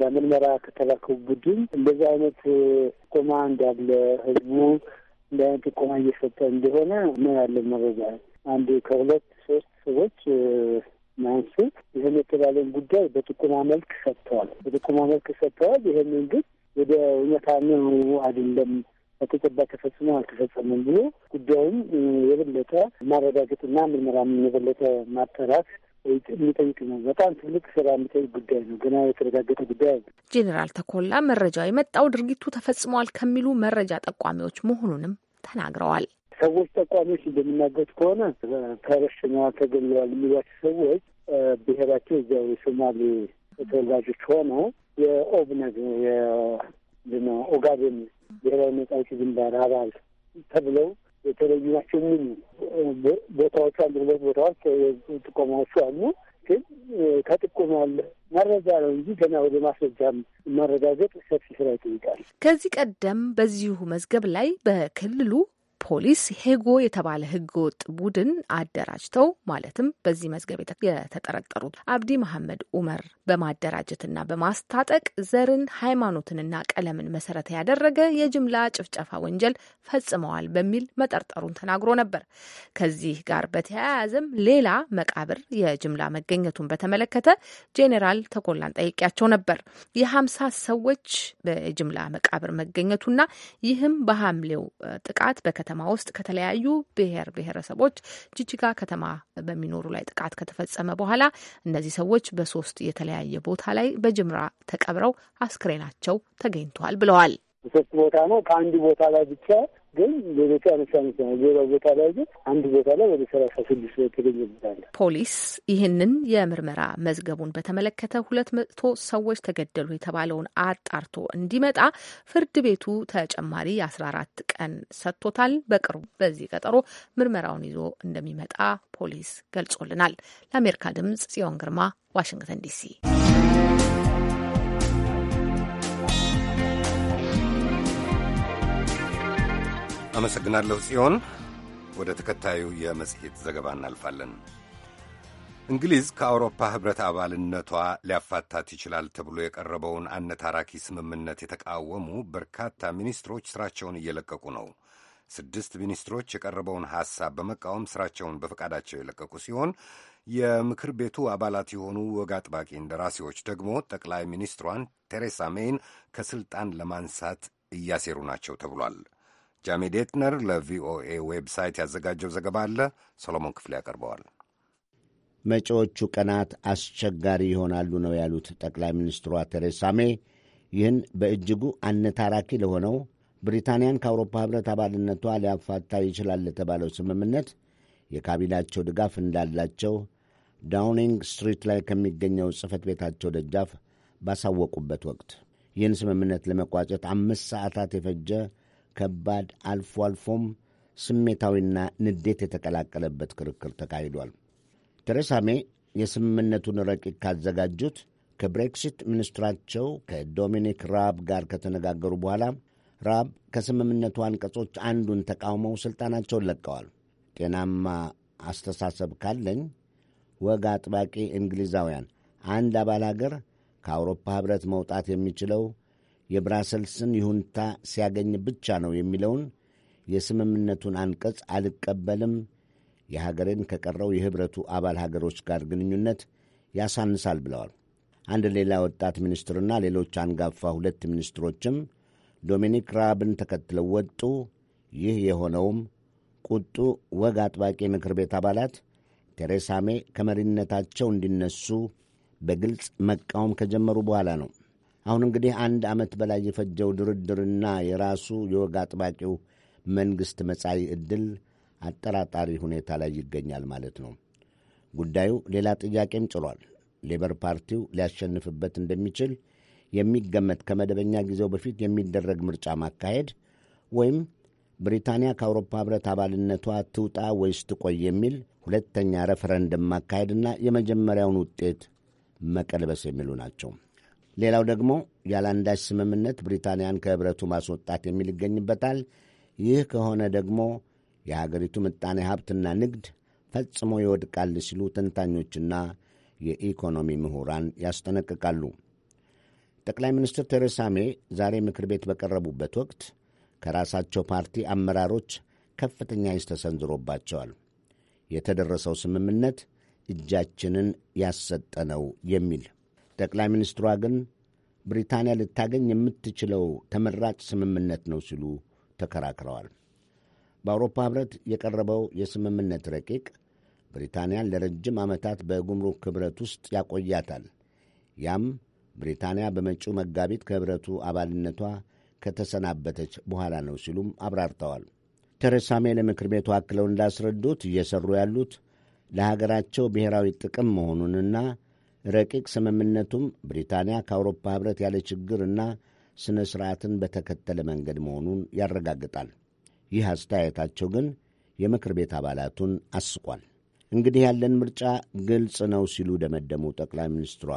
ለምርመራ ከተላከው ቡድን እንደዚህ አይነት ጥቆማ እንዳለ ህዝቡ እንደ አይነት ቆማ እየሰጠ እንደሆነ ምን ያለ መረጃ። አንድ ከሁለት ሶስት ሰዎች ማንሱ ይህን የተባለን ጉዳይ በጥቁማ መልክ ሰጥተዋል። በጥቁማ መልክ ሰጥተዋል። ይህንን ግን ወደ እውነታ ነው አይደለም በተጨባጭ ተፈጽሞ አልተፈጸመም ብሎ ጉዳዩም የበለጠ ማረጋገጥና ምርመራም የበለጠ ማጠራት የሚጠይቅ ነው። በጣም ትልቅ ስራ የሚጠይቅ ጉዳይ ነው። ገና የተረጋገጠ ጉዳይ አለ። ጄኔራል ተኮላ መረጃ የመጣው ድርጊቱ ተፈጽሟል ከሚሉ መረጃ ጠቋሚዎች መሆኑንም ተናግረዋል። ሰዎች ጠቋሚዎች እንደሚናገሩት ከሆነ ተረሽነዋል፣ ተገለዋል የሚሏቸው ሰዎች ብሔራቸው እዚያው የሶማሌ ተወላጆች ሆነው የኦብነግ ኦጋዴን ብሔራዊ ነጻ ግንባር አባል ተብለው የተለዩ ናቸው የሚሉ ቦታዎቹ አንድ ሁለት ቦታዎች ጥቆማዎቹ አሉ። ግን ከጥቆማ ያለ መረጃ ነው እንጂ ገና ወደ ማስረጃም ማረጋገጥ ሰፊ ስራ ይጠይቃል። ከዚህ ቀደም በዚሁ መዝገብ ላይ በክልሉ ፖሊስ ሄጎ የተባለ ህገወጥ ቡድን አደራጅተው ማለትም በዚህ መዝገብ የተጠረጠሩት አብዲ መሐመድ ኡመር በማደራጀትና በማስታጠቅ ዘርን፣ ሃይማኖትንና ቀለምን መሰረት ያደረገ የጅምላ ጭፍጨፋ ወንጀል ፈጽመዋል በሚል መጠርጠሩን ተናግሮ ነበር። ከዚህ ጋር በተያያዘም ሌላ መቃብር የጅምላ መገኘቱን በተመለከተ ጄኔራል ተኮላን ጠይቂያቸው ነበር። የሀምሳ ሰዎች በጅምላ መቃብር መገኘቱና ይህም በሐምሌው ጥቃት በከ ከተማ ውስጥ ከተለያዩ ብሔር ብሔረሰቦች ጅጅጋ ከተማ በሚኖሩ ላይ ጥቃት ከተፈጸመ በኋላ እነዚህ ሰዎች በሶስት የተለያየ ቦታ ላይ በጅምራ ተቀብረው አስክሬናቸው ተገኝቷል ብለዋል። ሶስት ቦታ ነው። ከአንድ ቦታ ላይ ብቻ ግን በቤተ አነሳነት ነው። ሌላ ቦታ ላይ ግን አንድ ቦታ ላይ ወደ ሰላሳ ስድስት ሰው ተገኘበታል። ፖሊስ ይህንን የምርመራ መዝገቡን በተመለከተ ሁለት መቶ ሰዎች ተገደሉ የተባለውን አጣርቶ እንዲመጣ ፍርድ ቤቱ ተጨማሪ የአስራ አራት ቀን ሰጥቶታል። በቅርቡ በዚህ ቀጠሮ ምርመራውን ይዞ እንደሚመጣ ፖሊስ ገልጾልናል። ለአሜሪካ ድምጽ ጽዮን ግርማ ዋሽንግተን ዲሲ አመሰግናለሁ ጽዮን። ወደ ተከታዩ የመጽሔት ዘገባ እናልፋለን። እንግሊዝ ከአውሮፓ ኅብረት አባልነቷ ሊያፋታት ይችላል ተብሎ የቀረበውን አነታራኪ ስምምነት የተቃወሙ በርካታ ሚኒስትሮች ሥራቸውን እየለቀቁ ነው። ስድስት ሚኒስትሮች የቀረበውን ሐሳብ በመቃወም ሥራቸውን በፈቃዳቸው የለቀቁ ሲሆን የምክር ቤቱ አባላት የሆኑ ወግ አጥባቂ እንደራሴዎች ደግሞ ጠቅላይ ሚኒስትሯን ቴሬሳ ሜይን ከሥልጣን ለማንሳት እያሴሩ ናቸው ተብሏል። ጃሜ ዴትነር ለቪኦኤ ዌብሳይት ያዘጋጀው ዘገባ አለ። ሰሎሞን ክፍሌ ያቀርበዋል። መጪዎቹ ቀናት አስቸጋሪ ይሆናሉ ነው ያሉት ጠቅላይ ሚኒስትሯ ቴሬሳ ሜይ ይህን በእጅጉ አነታራኪ ለሆነው ብሪታንያን ከአውሮፓ ህብረት አባልነቷ ሊያፋታ ይችላል ለተባለው ስምምነት የካቢናቸው ድጋፍ እንዳላቸው ዳውኒንግ ስትሪት ላይ ከሚገኘው ጽህፈት ቤታቸው ደጃፍ ባሳወቁበት ወቅት ይህን ስምምነት ለመቋጨት አምስት ሰዓታት የፈጀ ከባድ አልፎ አልፎም ስሜታዊና ንዴት የተቀላቀለበት ክርክር ተካሂዷል። ቴሬሳ ሜይ የስምምነቱን ረቂቅ ካዘጋጁት ከብሬክሲት ሚኒስትራቸው ከዶሚኒክ ራብ ጋር ከተነጋገሩ በኋላ ራብ ከስምምነቱ አንቀጾች አንዱን ተቃውመው ሥልጣናቸውን ለቀዋል። ጤናማ አስተሳሰብ ካለኝ ወግ አጥባቂ እንግሊዛውያን አንድ አባል አገር ከአውሮፓ ኅብረት መውጣት የሚችለው የብራሰልስን ይሁንታ ሲያገኝ ብቻ ነው የሚለውን የስምምነቱን አንቀጽ አልቀበልም፣ የሀገሬን ከቀረው የኅብረቱ አባል ሀገሮች ጋር ግንኙነት ያሳንሳል ብለዋል። አንድ ሌላ ወጣት ሚኒስትርና ሌሎች አንጋፋ ሁለት ሚኒስትሮችም ዶሚኒክ ራብን ተከትለው ወጡ። ይህ የሆነውም ቁጡ ወግ አጥባቂ ምክር ቤት አባላት ቴሬሳ ሜ ከመሪነታቸው እንዲነሱ በግልጽ መቃወም ከጀመሩ በኋላ ነው። አሁን እንግዲህ አንድ ዓመት በላይ የፈጀው ድርድርና የራሱ የወግ አጥባቂው መንግሥት መጻኢ ዕድል አጠራጣሪ ሁኔታ ላይ ይገኛል ማለት ነው። ጉዳዩ ሌላ ጥያቄም ጭሯል። ሌበር ፓርቲው ሊያሸንፍበት እንደሚችል የሚገመት ከመደበኛ ጊዜው በፊት የሚደረግ ምርጫ ማካሄድ ወይም ብሪታንያ ከአውሮፓ ኅብረት አባልነቷ ትውጣ ወይስ ትቆይ የሚል ሁለተኛ ረፈረንደም ማካሄድና የመጀመሪያውን ውጤት መቀልበስ የሚሉ ናቸው። ሌላው ደግሞ ያለአንዳች ስምምነት ብሪታንያን ከህብረቱ ማስወጣት የሚል ይገኝበታል። ይህ ከሆነ ደግሞ የሀገሪቱ ምጣኔ ሀብትና ንግድ ፈጽሞ ይወድቃል ሲሉ ተንታኞችና የኢኮኖሚ ምሁራን ያስጠነቅቃሉ። ጠቅላይ ሚኒስትር ቴሬሳ ሜይ ዛሬ ምክር ቤት በቀረቡበት ወቅት ከራሳቸው ፓርቲ አመራሮች ከፍተኛ ይስ ተሰንዝሮባቸዋል። የተደረሰው ስምምነት እጃችንን ያሰጠነው የሚል ጠቅላይ ሚኒስትሯ ግን ብሪታንያ ልታገኝ የምትችለው ተመራጭ ስምምነት ነው ሲሉ ተከራክረዋል። በአውሮፓ ኅብረት የቀረበው የስምምነት ረቂቅ ብሪታንያን ለረጅም ዓመታት በጉምሩክ ኅብረት ውስጥ ያቆያታል። ያም ብሪታንያ በመጪው መጋቢት ከኅብረቱ አባልነቷ ከተሰናበተች በኋላ ነው ሲሉም አብራርተዋል። ቴሬሳ ለምክር ቤቱ አክለው እንዳስረዱት እየሠሩ ያሉት ለሀገራቸው ብሔራዊ ጥቅም መሆኑንና ረቂቅ ስምምነቱም ብሪታንያ ከአውሮፓ ኅብረት ያለ ችግርና ሥነ ሥርዓትን በተከተለ መንገድ መሆኑን ያረጋግጣል። ይህ አስተያየታቸው ግን የምክር ቤት አባላቱን አስቋል። እንግዲህ ያለን ምርጫ ግልጽ ነው ሲሉ ደመደሙ ጠቅላይ ሚኒስትሯ።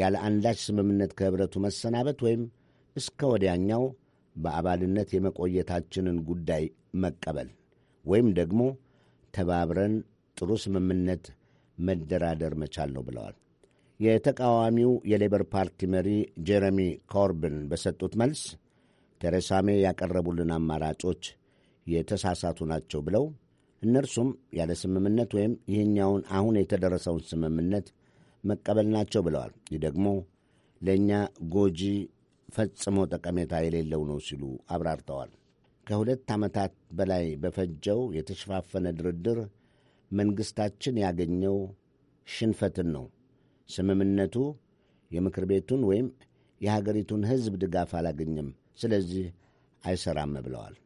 ያለ አንዳች ስምምነት ከኅብረቱ መሰናበት ወይም እስከ ወዲያኛው በአባልነት የመቆየታችንን ጉዳይ መቀበል ወይም ደግሞ ተባብረን ጥሩ ስምምነት መደራደር መቻል ነው ብለዋል። የተቃዋሚው የሌበር ፓርቲ መሪ ጄረሚ ኮርብን በሰጡት መልስ ቴሬሳ ሜይ ያቀረቡልን አማራጮች የተሳሳቱ ናቸው ብለው እነርሱም ያለ ስምምነት ወይም ይህኛውን አሁን የተደረሰውን ስምምነት መቀበል ናቸው ብለዋል። ይህ ደግሞ ለእኛ ጎጂ ፈጽሞ ጠቀሜታ የሌለው ነው ሲሉ አብራርተዋል። ከሁለት ዓመታት በላይ በፈጀው የተሸፋፈነ ድርድር መንግሥታችን ያገኘው ሽንፈትን ነው ስምምነቱ የምክር ቤቱን ወይም የሀገሪቱን ሕዝብ ድጋፍ አላገኘም፣ ስለዚህ አይሰራም ብለዋል።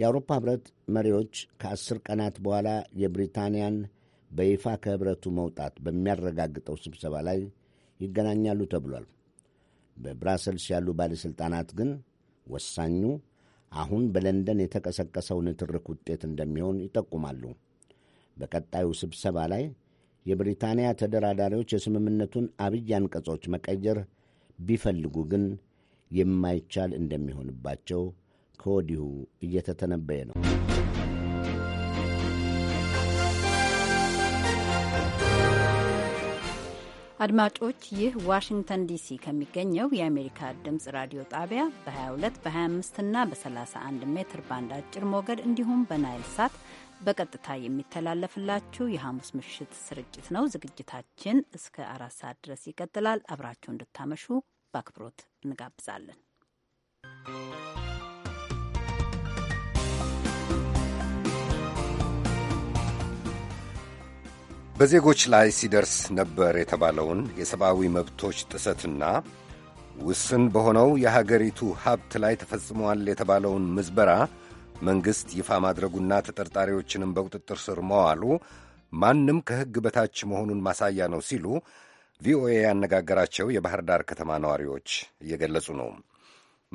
የአውሮፓ ኅብረት መሪዎች ከአስር ቀናት በኋላ የብሪታንያን በይፋ ከኅብረቱ መውጣት በሚያረጋግጠው ስብሰባ ላይ ይገናኛሉ ተብሏል። በብራሰልስ ያሉ ባለሥልጣናት ግን ወሳኙ አሁን በለንደን የተቀሰቀሰው ንትርክ ውጤት እንደሚሆን ይጠቁማሉ። በቀጣዩ ስብሰባ ላይ የብሪታንያ ተደራዳሪዎች የስምምነቱን አብይ አንቀጾች መቀየር ቢፈልጉ ግን የማይቻል እንደሚሆንባቸው ከወዲሁ እየተተነበየ ነው። አድማጮች ይህ ዋሽንግተን ዲሲ ከሚገኘው የአሜሪካ ድምፅ ራዲዮ ጣቢያ በ22 በ25 እና በ31 ሜትር ባንድ አጭር ሞገድ እንዲሁም በናይል ሳት በቀጥታ የሚተላለፍላችሁ የሐሙስ ምሽት ስርጭት ነው። ዝግጅታችን እስከ አራት ሰዓት ድረስ ይቀጥላል። አብራችሁ እንድታመሹ በአክብሮት እንጋብዛለን። በዜጎች ላይ ሲደርስ ነበር የተባለውን የሰብአዊ መብቶች ጥሰትና ውስን በሆነው የሀገሪቱ ሀብት ላይ ተፈጽሟል የተባለውን ምዝበራ መንግሥት ይፋ ማድረጉና ተጠርጣሪዎችንም በቁጥጥር ስር መዋሉ ማንም ከሕግ በታች መሆኑን ማሳያ ነው ሲሉ ቪኦኤ ያነጋገራቸው የባህር ዳር ከተማ ነዋሪዎች እየገለጹ ነው።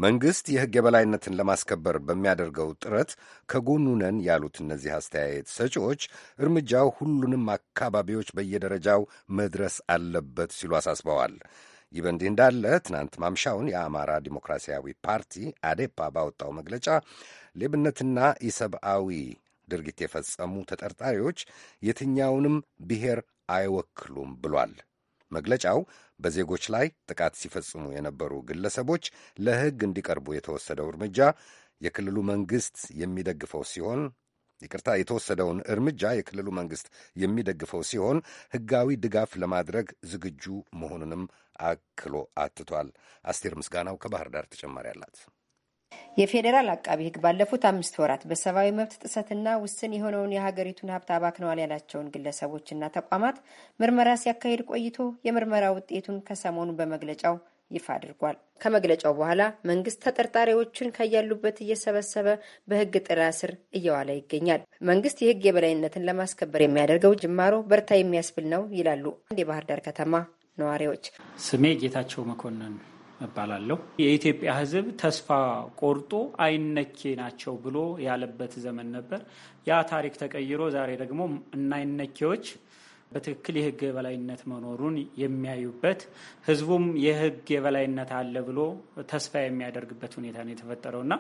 መንግሥት የሕግ የበላይነትን ለማስከበር በሚያደርገው ጥረት ከጎኑ ነን ያሉት እነዚህ አስተያየት ሰጪዎች እርምጃው ሁሉንም አካባቢዎች በየደረጃው መድረስ አለበት ሲሉ አሳስበዋል። ይህ በእንዲህ እንዳለ ትናንት ማምሻውን የአማራ ዲሞክራሲያዊ ፓርቲ አዴፓ ባወጣው መግለጫ ሌብነትና ኢሰብአዊ ድርጊት የፈጸሙ ተጠርጣሪዎች የትኛውንም ብሔር አይወክሉም ብሏል መግለጫው። በዜጎች ላይ ጥቃት ሲፈጽሙ የነበሩ ግለሰቦች ለሕግ እንዲቀርቡ የተወሰደው እርምጃ የክልሉ መንግሥት የሚደግፈው ሲሆን ይቅርታ የተወሰደውን እርምጃ የክልሉ መንግሥት የሚደግፈው ሲሆን ሕጋዊ ድጋፍ ለማድረግ ዝግጁ መሆኑንም አክሎ አትቷል። አስቴር ምስጋናው ከባህር ዳር ተጨማሪ አላት። የፌዴራል አቃቢ ሕግ ባለፉት አምስት ወራት በሰብአዊ መብት ጥሰትና ውስን የሆነውን የሀገሪቱን ሀብት አባክነዋል ያላቸውን ግለሰቦችና ተቋማት ምርመራ ሲያካሂድ ቆይቶ የምርመራ ውጤቱን ከሰሞኑ በመግለጫው ይፋ አድርጓል። ከመግለጫው በኋላ መንግስት ተጠርጣሪዎችን ከያሉበት እየሰበሰበ በህግ ጥላ ስር እየዋለ ይገኛል። መንግስት የህግ የበላይነትን ለማስከበር የሚያደርገው ጅማሮ በርታ የሚያስብል ነው ይላሉ አንድ የባህር ዳር ከተማ ነዋሪዎች። ስሜ ጌታቸው መኮንን እባላለሁ። የኢትዮጵያ ሕዝብ ተስፋ ቆርጦ አይነኬ ናቸው ብሎ ያለበት ዘመን ነበር። ያ ታሪክ ተቀይሮ ዛሬ ደግሞ እናይነኬዎች በትክክል የህግ የበላይነት መኖሩን የሚያዩበት ህዝቡም የህግ የበላይነት አለ ብሎ ተስፋ የሚያደርግበት ሁኔታ ነው የተፈጠረው እና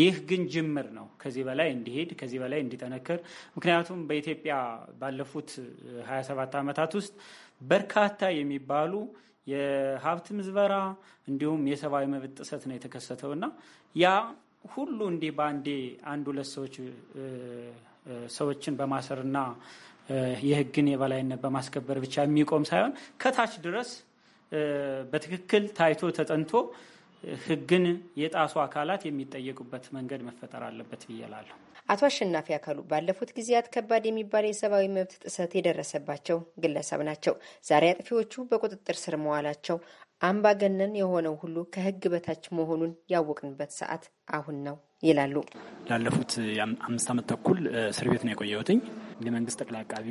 ይህ ግን ጅምር ነው ከዚህ በላይ እንዲሄድ ከዚህ በላይ እንዲጠነክር። ምክንያቱም በኢትዮጵያ ባለፉት 27 ዓመታት ውስጥ በርካታ የሚባሉ የሀብት ምዝበራ እንዲሁም የሰብአዊ መብት ጥሰት ነው የተከሰተው እና ያ ሁሉ እንዲህ በአንዴ አንድ ሁለት ሰዎች ሰዎችን በማሰርና የህግን የበላይነት በማስከበር ብቻ የሚቆም ሳይሆን ከታች ድረስ በትክክል ታይቶ ተጠንቶ ህግን የጣሱ አካላት የሚጠየቁበት መንገድ መፈጠር አለበት ብዬ አቶ አሸናፊ አካሉ ባለፉት ጊዜያት ከባድ የሚባል የሰብአዊ መብት ጥሰት የደረሰባቸው ግለሰብ ናቸው። ዛሬ አጥፊዎቹ በቁጥጥር ስር መዋላቸው አምባገነን የሆነው ሁሉ ከህግ በታች መሆኑን ያወቅንበት ሰዓት አሁን ነው ይላሉ። ላለፉት አምስት ዓመት ተኩል እስር ቤት ነው የቆየሁትኝ። የመንግስት ጠቅላይ አቃቢ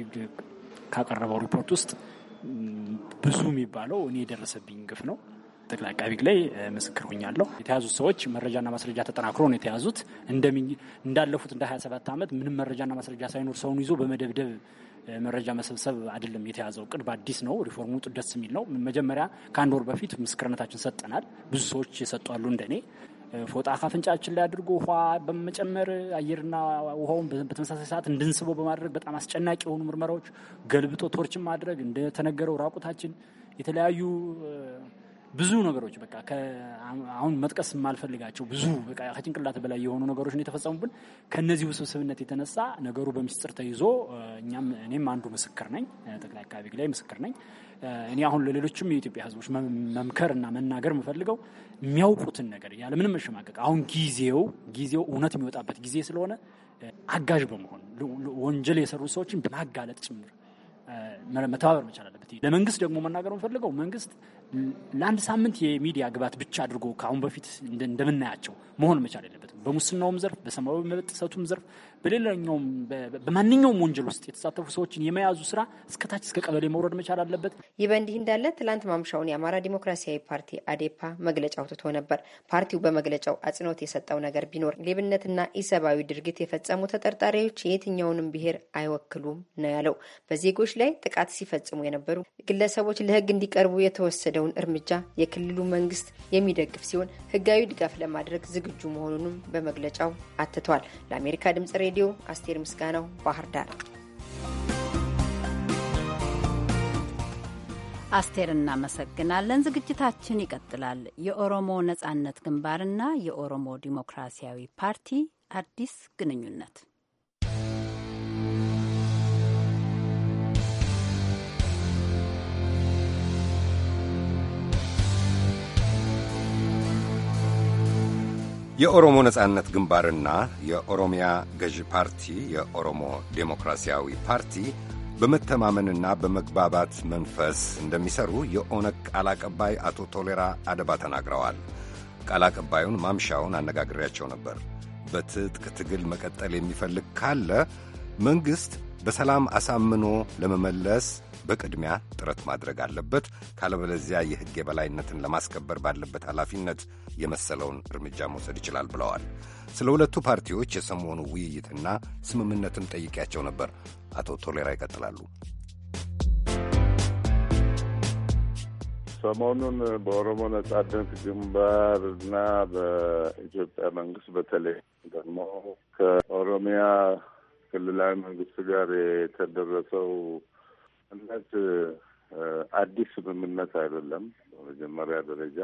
ካቀረበው ሪፖርት ውስጥ ብዙ የሚባለው እኔ የደረሰብኝ ግፍ ነው። ጠቅላይ አቃቤ ሕግ ላይ ምስክር ሆኛለሁ። የተያዙት ሰዎች መረጃና ማስረጃ ተጠናክሮ ነው የተያዙት። እንዳለፉት እንደ 27 ዓመት ምንም መረጃና ማስረጃ ሳይኖር ሰውን ይዞ በመደብደብ መረጃ መሰብሰብ አይደለም የተያዘው። ቅድ በአዲስ ነው። ሪፎርሙ ደስ የሚል ነው። መጀመሪያ ከአንድ ወር በፊት ምስክርነታችን ሰጠናል። ብዙ ሰዎች የሰጧሉ እንደኔ ፎጣ ካፍንጫችን ላይ አድርጎ ውሃ በመጨመር አየርና ውሃውን በተመሳሳይ ሰዓት እንድንስበው በማድረግ በጣም አስጨናቂ የሆኑ ምርመራዎች ገልብጦ ቶርችን ማድረግ እንደተነገረው ራቁታችን የተለያዩ ብዙ ነገሮች በቃ አሁን መጥቀስ የማልፈልጋቸው ብዙ በቃ ከጭንቅላት በላይ የሆኑ ነገሮች የተፈጸሙብን። ከእነዚህ ውስብስብነት የተነሳ ነገሩ በሚስጥር ተይዞ እኛም እኔም አንዱ ምስክር ነኝ፣ ጠቅላይ አካባቢ ላይ ምስክር ነኝ። እኔ አሁን ለሌሎችም የኢትዮጵያ ሕዝቦች መምከር እና መናገር የምፈልገው የሚያውቁትን ነገር ያለ ምንም መሸማቀቅ አሁን ጊዜው ጊዜው እውነት የሚወጣበት ጊዜ ስለሆነ አጋዥ በመሆን ወንጀል የሰሩ ሰዎችን በማጋለጥ ጭምር መተባበር መቻል አለበት። ለመንግስት ደግሞ መናገር የምፈልገው መንግስት ለአንድ ሳምንት የሚዲያ ግባት ብቻ አድርጎ ከአሁን በፊት እንደምናያቸው መሆን መቻል የለበት በሙስናውም ዘርፍ፣ በሰማዊ መብት ጥሰቱም ዘርፍ፣ በሌላኛውም በማንኛውም ወንጀል ውስጥ የተሳተፉ ሰዎችን የመያዙ ስራ እስከታች እስከ ቀበሌ መውረድ መቻል አለበት። ይህ በእንዲህ እንዳለ ትላንት ማምሻውን የአማራ ዲሞክራሲያዊ ፓርቲ አዴፓ መግለጫ አውጥቶ ነበር። ፓርቲው በመግለጫው አጽንኦት የሰጠው ነገር ቢኖር ሌብነትና ኢሰብአዊ ድርጊት የፈጸሙ ተጠርጣሪዎች የትኛውንም ብሔር አይወክሉም ነው ያለው። በዜጎች ላይ ጥቃት ሲፈጽሙ የነበሩ ግለሰቦች ለህግ እንዲቀርቡ የተወሰደውን እርምጃ የክልሉ መንግስት የሚደግፍ ሲሆን ህጋዊ ድጋፍ ለማድረግ ዝግጁ መሆኑንም በመግለጫው አትቷል። ለአሜሪካ ድምጽ ሬዲዮ አስቴር ምስጋናው ባህር ዳር። አስቴር እናመሰግናለን። ዝግጅታችን ይቀጥላል። የኦሮሞ ነጻነት ግንባርና የኦሮሞ ዲሞክራሲያዊ ፓርቲ አዲስ ግንኙነት የኦሮሞ ነጻነት ግንባርና የኦሮሚያ ገዢ ፓርቲ የኦሮሞ ዴሞክራሲያዊ ፓርቲ በመተማመንና በመግባባት መንፈስ እንደሚሰሩ የኦነግ ቃል አቀባይ አቶ ቶሌራ አደባ ተናግረዋል። ቃል አቀባዩን ማምሻውን አነጋግሬያቸው ነበር። በትጥቅ ትግል መቀጠል የሚፈልግ ካለ መንግሥት በሰላም አሳምኖ ለመመለስ በቅድሚያ ጥረት ማድረግ አለበት። ካለበለዚያ የሕግ የበላይነትን ለማስከበር ባለበት ኃላፊነት የመሰለውን እርምጃ መውሰድ ይችላል ብለዋል። ስለ ሁለቱ ፓርቲዎች የሰሞኑ ውይይትና ስምምነትም ጠይቄያቸው ነበር። አቶ ቶሌራ ይቀጥላሉ። ሰሞኑን በኦሮሞ ነጻነት ግንባር እና በኢትዮጵያ መንግስት በተለይ ደግሞ ከኦሮሚያ ክልላዊ መንግስት ጋር የተደረሰው እምነት አዲስ ስምምነት አይደለም። በመጀመሪያ ደረጃ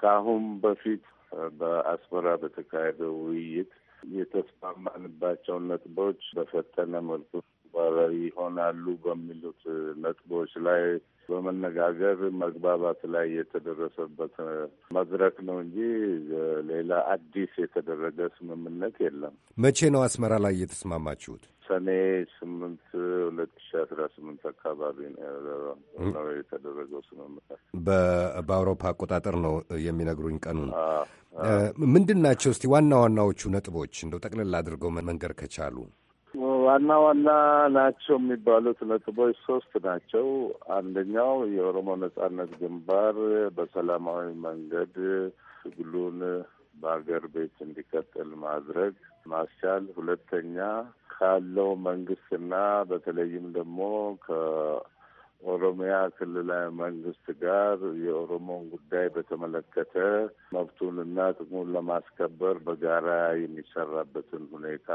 ከአሁን በፊት በአስመራ በተካሄደው ውይይት የተስማማንባቸው ነጥቦች በፈጠነ መልኩ ተጻራሪ ይሆናሉ በሚሉት ነጥቦች ላይ በመነጋገር መግባባት ላይ የተደረሰበት መድረክ ነው እንጂ ሌላ አዲስ የተደረገ ስምምነት የለም። መቼ ነው አስመራ ላይ የተስማማችሁት? ሰኔ ስምንት ሁለት ሺ አስራ ስምንት አካባቢ ነው የተደረገው ስምምነት። በአውሮፓ አቆጣጠር ነው የሚነግሩኝ ቀኑን። ምንድን ናቸው እስቲ ዋና ዋናዎቹ ነጥቦች እንደው ጠቅልላ አድርገው መንገር ከቻሉ? ዋና ዋና ናቸው የሚባሉት ነጥቦች ሶስት ናቸው። አንደኛው የኦሮሞ ነጻነት ግንባር በሰላማዊ መንገድ ትግሉን በሀገር ቤት እንዲቀጥል ማድረግ ማስቻል። ሁለተኛ ካለው መንግስትና በተለይም ደግሞ ከ ኦሮሚያ ክልላዊ መንግስት ጋር የኦሮሞን ጉዳይ በተመለከተ መብቱንና ጥቅሙን ለማስከበር በጋራ የሚሰራበትን ሁኔታ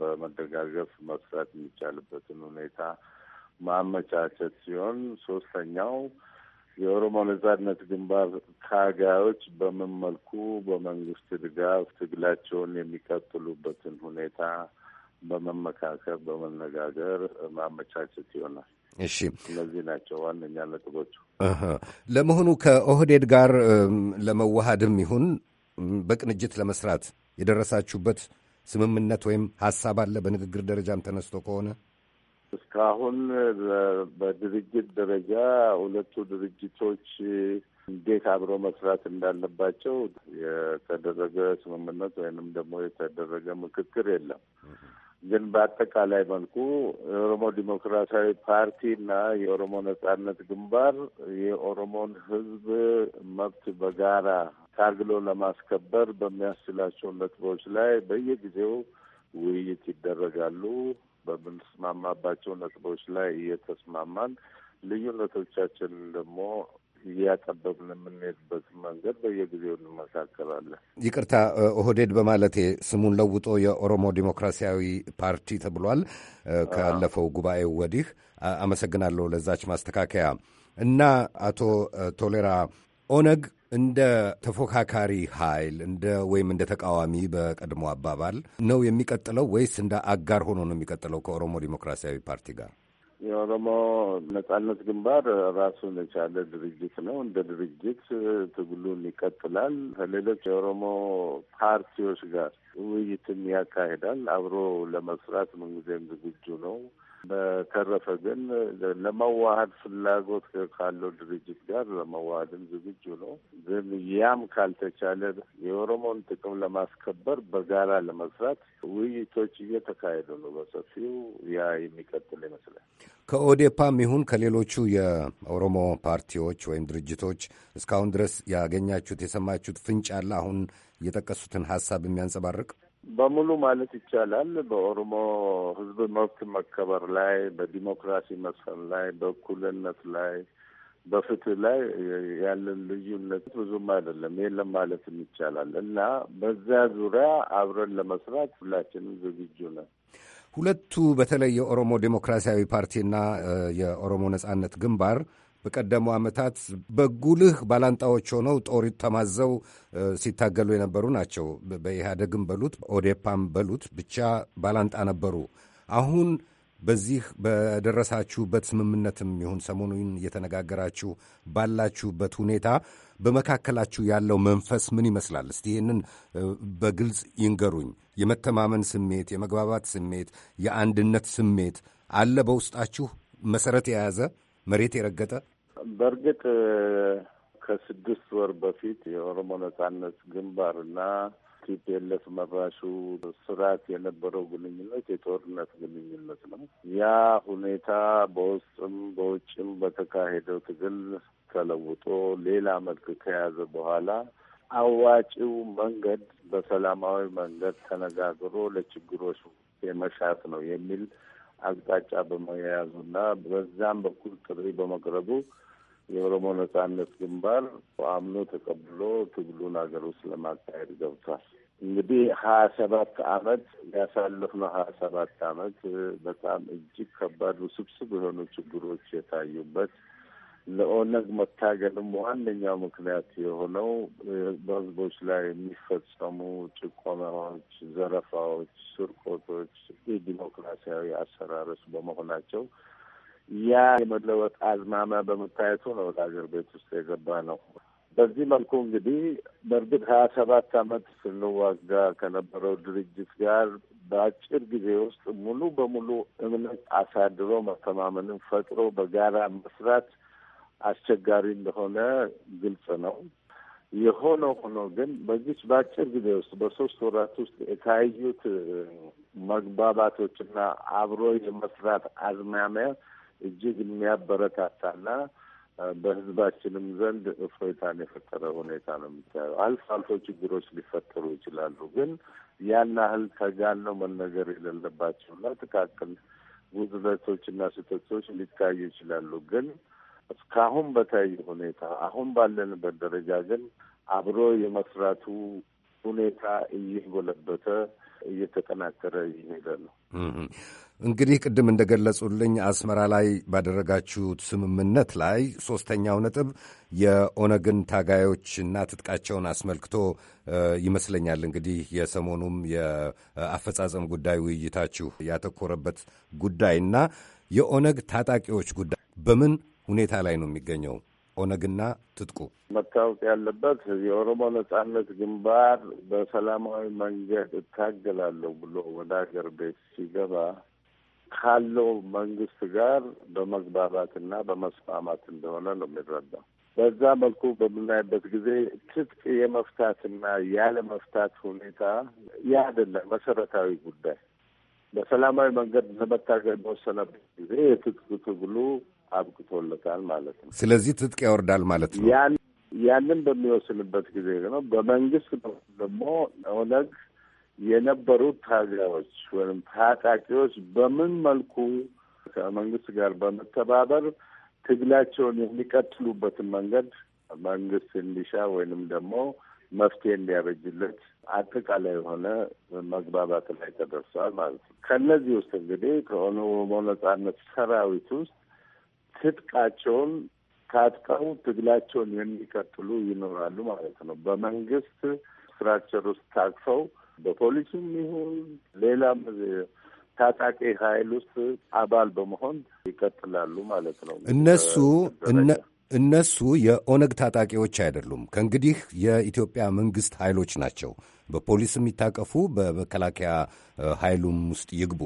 በመደጋገፍ መስራት የሚቻልበትን ሁኔታ ማመቻቸት ሲሆን ሶስተኛው የኦሮሞ ነጻነት ግንባር ታጋዮች በምን መልኩ በመንግስት ድጋፍ ትግላቸውን የሚቀጥሉበትን ሁኔታ በመመካከር በመነጋገር ማመቻቸት ይሆናል። እሺ፣ እነዚህ ናቸው ዋነኛ ነጥቦቹ። ለመሆኑ ከኦህዴድ ጋር ለመዋሃድም ይሁን በቅንጅት ለመስራት የደረሳችሁበት ስምምነት ወይም ሀሳብ አለ? በንግግር ደረጃም ተነስቶ ከሆነ እስካሁን በድርጅት ደረጃ ሁለቱ ድርጅቶች እንዴት አብሮ መስራት እንዳለባቸው የተደረገ ስምምነት ወይንም ደግሞ የተደረገ ምክክር የለም። ግን በአጠቃላይ መልኩ የኦሮሞ ዲሞክራሲያዊ ፓርቲና የኦሮሞ ነጻነት ግንባር የኦሮሞን ህዝብ መብት በጋራ ታግሎ ለማስከበር በሚያስችላቸው ነጥቦች ላይ በየጊዜው ውይይት ይደረጋሉ። በምንስማማባቸው ነጥቦች ላይ እየተስማማን ልዩነቶቻችን ደግሞ እያጠበብን የምንሄድበት መንገድ በየጊዜው እንመሳከላለን። ይቅርታ ኦህዴድ በማለቴ ስሙን ለውጦ የኦሮሞ ዲሞክራሲያዊ ፓርቲ ተብሏል ካለፈው ጉባኤው ወዲህ። አመሰግናለሁ ለዛች ማስተካከያ እና አቶ ቶሌራ ኦነግ እንደ ተፎካካሪ ኃይል እንደ ወይም እንደ ተቃዋሚ በቀድሞ አባባል ነው የሚቀጥለው ወይስ እንደ አጋር ሆኖ ነው የሚቀጥለው ከኦሮሞ ዲሞክራሲያዊ ፓርቲ ጋር? የኦሮሞ ነጻነት ግንባር ራሱን የቻለ ድርጅት ነው። እንደ ድርጅት ትግሉን ይቀጥላል። ከሌሎች የኦሮሞ ፓርቲዎች ጋር ውይይትን ያካሂዳል። አብሮ ለመስራት ምንጊዜም ዝግጁ ነው። በተረፈ ግን ለመዋሀድ ፍላጎት ካለው ድርጅት ጋር ለመዋሀድም ዝግጁ ነው። ግን ያም ካልተቻለ የኦሮሞን ጥቅም ለማስከበር በጋራ ለመስራት ውይይቶች እየተካሄዱ ነው በሰፊው። ያ የሚቀጥል ይመስላል። ከኦዴፓም ይሁን ከሌሎቹ የኦሮሞ ፓርቲዎች ወይም ድርጅቶች እስካሁን ድረስ ያገኛችሁት የሰማችሁት ፍንጭ አለ? አሁን የጠቀሱትን ሀሳብ የሚያንጸባርቅ በሙሉ ማለት ይቻላል በኦሮሞ ህዝብ መብት መከበር ላይ፣ በዲሞክራሲ መስፈን ላይ፣ በእኩልነት ላይ፣ በፍትህ ላይ ያለን ልዩነት ብዙም አይደለም የለም ማለትም ይቻላል እና በዛ ዙሪያ አብረን ለመስራት ሁላችንም ዝግጁ ነን። ሁለቱ በተለይ የኦሮሞ ዴሞክራሲያዊ ፓርቲና የኦሮሞ ነጻነት ግንባር በቀደሙ ዓመታት በጉልህ ባላንጣዎች ሆነው ጦር ተማዘው ሲታገሉ የነበሩ ናቸው። በኢህአደግም በሉት ኦዴፓም በሉት ብቻ ባላንጣ ነበሩ። አሁን በዚህ በደረሳችሁበት ስምምነትም ይሁን ሰሞኑን እየተነጋገራችሁ ባላችሁበት ሁኔታ በመካከላችሁ ያለው መንፈስ ምን ይመስላል? እስቲ ይህንን በግልጽ ይንገሩኝ። የመተማመን ስሜት፣ የመግባባት ስሜት፣ የአንድነት ስሜት አለ በውስጣችሁ መሰረት የያዘ መሬት የረገጠ በእርግጥ ከስድስት ወር በፊት የኦሮሞ ነጻነት ግንባርና ቲፒኤልኤፍ መራሹ ስርዓት የነበረው ግንኙነት የጦርነት ግንኙነት ነው። ያ ሁኔታ በውስጥም በውጭም በተካሄደው ትግል ተለውጦ ሌላ መልክ ከያዘ በኋላ አዋጪው መንገድ በሰላማዊ መንገድ ተነጋግሮ ለችግሮች የመሻት ነው የሚል አቅጣጫ በመያዙና በዛም በኩል ጥሪ በመቅረቡ የኦሮሞ ነጻነት ግንባር አምኖ ተቀብሎ ትግሉን ሀገር ውስጥ ለማካሄድ ገብቷል። እንግዲህ ሀያ ሰባት አመት ያሳለፍነው ሀያ ሰባት አመት በጣም እጅግ ከባድ ውስብስብ የሆኑ ችግሮች የታዩበት ለኦነግ መታገልም ዋነኛው ምክንያት የሆነው በህዝቦች ላይ የሚፈጸሙ ጭቆናዎች፣ ዘረፋዎች፣ ስርቆቶች የዲሞክራሲያዊ አሰራሮች በመሆናቸው ያ የመለወጥ አዝማሚያ በመታየቱ ነው ወደ ቤት ውስጥ የገባ ነው። በዚህ መልኩ እንግዲህ በእርግጥ ሀያ ሰባት አመት ስንዋጋ ከነበረው ድርጅት ጋር በአጭር ጊዜ ውስጥ ሙሉ በሙሉ እምነት አሳድሮ መተማመንን ፈጥሮ በጋራ መስራት አስቸጋሪ እንደሆነ ግልጽ ነው። የሆነ ሆኖ ግን በዚች በአጭር ጊዜ ውስጥ በሶስት ወራት ውስጥ የታዩት መግባባቶችና አብሮ የመስራት አዝማሚያ እጅግ የሚያበረታታና በህዝባችንም ዘንድ እፎይታን የፈጠረ ሁኔታ ነው የሚታየው። አልፎ አልፎ ችግሮች ሊፈጠሩ ይችላሉ፣ ግን ያን ያህል ተጋነው መነገር የሌለባቸውና ጥቃቅን ጉድለቶች እና ስህተቶች ሊታዩ ይችላሉ፣ ግን እስካሁን በታየ ሁኔታ አሁን ባለንበት ደረጃ ግን አብሮ የመስራቱ ሁኔታ እየጎለበተ እየተጠናከረ ይሄዳል። እንግዲህ ቅድም እንደገለጹልኝ አስመራ ላይ ባደረጋችሁት ስምምነት ላይ ሶስተኛው ነጥብ የኦነግን ታጋዮችና ትጥቃቸውን አስመልክቶ ይመስለኛል እንግዲህ የሰሞኑም የአፈጻጸም ጉዳይ ውይይታችሁ ያተኮረበት ጉዳይና የኦነግ ታጣቂዎች ጉዳይ በምን ሁኔታ ላይ ነው የሚገኘው? ኦነግና ትጥቁ መታወቅ ያለበት የኦሮሞ ነጻነት ግንባር በሰላማዊ መንገድ እታገላለሁ ብሎ ወደ ሀገር ቤት ሲገባ ካለው መንግስት ጋር በመግባባትና በመስማማት እንደሆነ ነው የሚረዳው። በዛ መልኩ በምናይበት ጊዜ ትጥቅ የመፍታትና ያለ መፍታት ሁኔታ ያ አይደለም መሰረታዊ ጉዳይ። በሰላማዊ መንገድ ለመታገል በወሰነበት ጊዜ የትጥቅ ትግሉ አብቅቶለታል ማለት ነው። ስለዚህ ትጥቅ ያወርዳል ማለት ነው። ያንን በሚወስንበት ጊዜ ነው በመንግስት ደግሞ ኦነግ የነበሩት ታጋዮች ወይም ታጣቂዎች በምን መልኩ ከመንግስት ጋር በመተባበር ትግላቸውን የሚቀጥሉበትን መንገድ መንግስት እንዲሻ ወይንም ደግሞ መፍትሄ እንዲያበጅለት አጠቃላይ የሆነ መግባባት ላይ ተደርሷል ማለት ነው። ከእነዚህ ውስጥ እንግዲህ ከኦሮሞ ነጻነት ሰራዊት ውስጥ ትጥቃቸውን ታጥቀው ትግላቸውን የሚቀጥሉ ይኖራሉ ማለት ነው። በመንግስት ስትራክቸር ውስጥ ታቅፈው በፖሊሱም ይሁን ሌላም ታጣቂ ኃይል ውስጥ አባል በመሆን ይቀጥላሉ ማለት ነው። እነሱ እነሱ የኦነግ ታጣቂዎች አይደሉም። ከእንግዲህ የኢትዮጵያ መንግሥት ኃይሎች ናቸው። በፖሊስ የሚታቀፉ በመከላከያ ኃይሉም ውስጥ ይግቡ።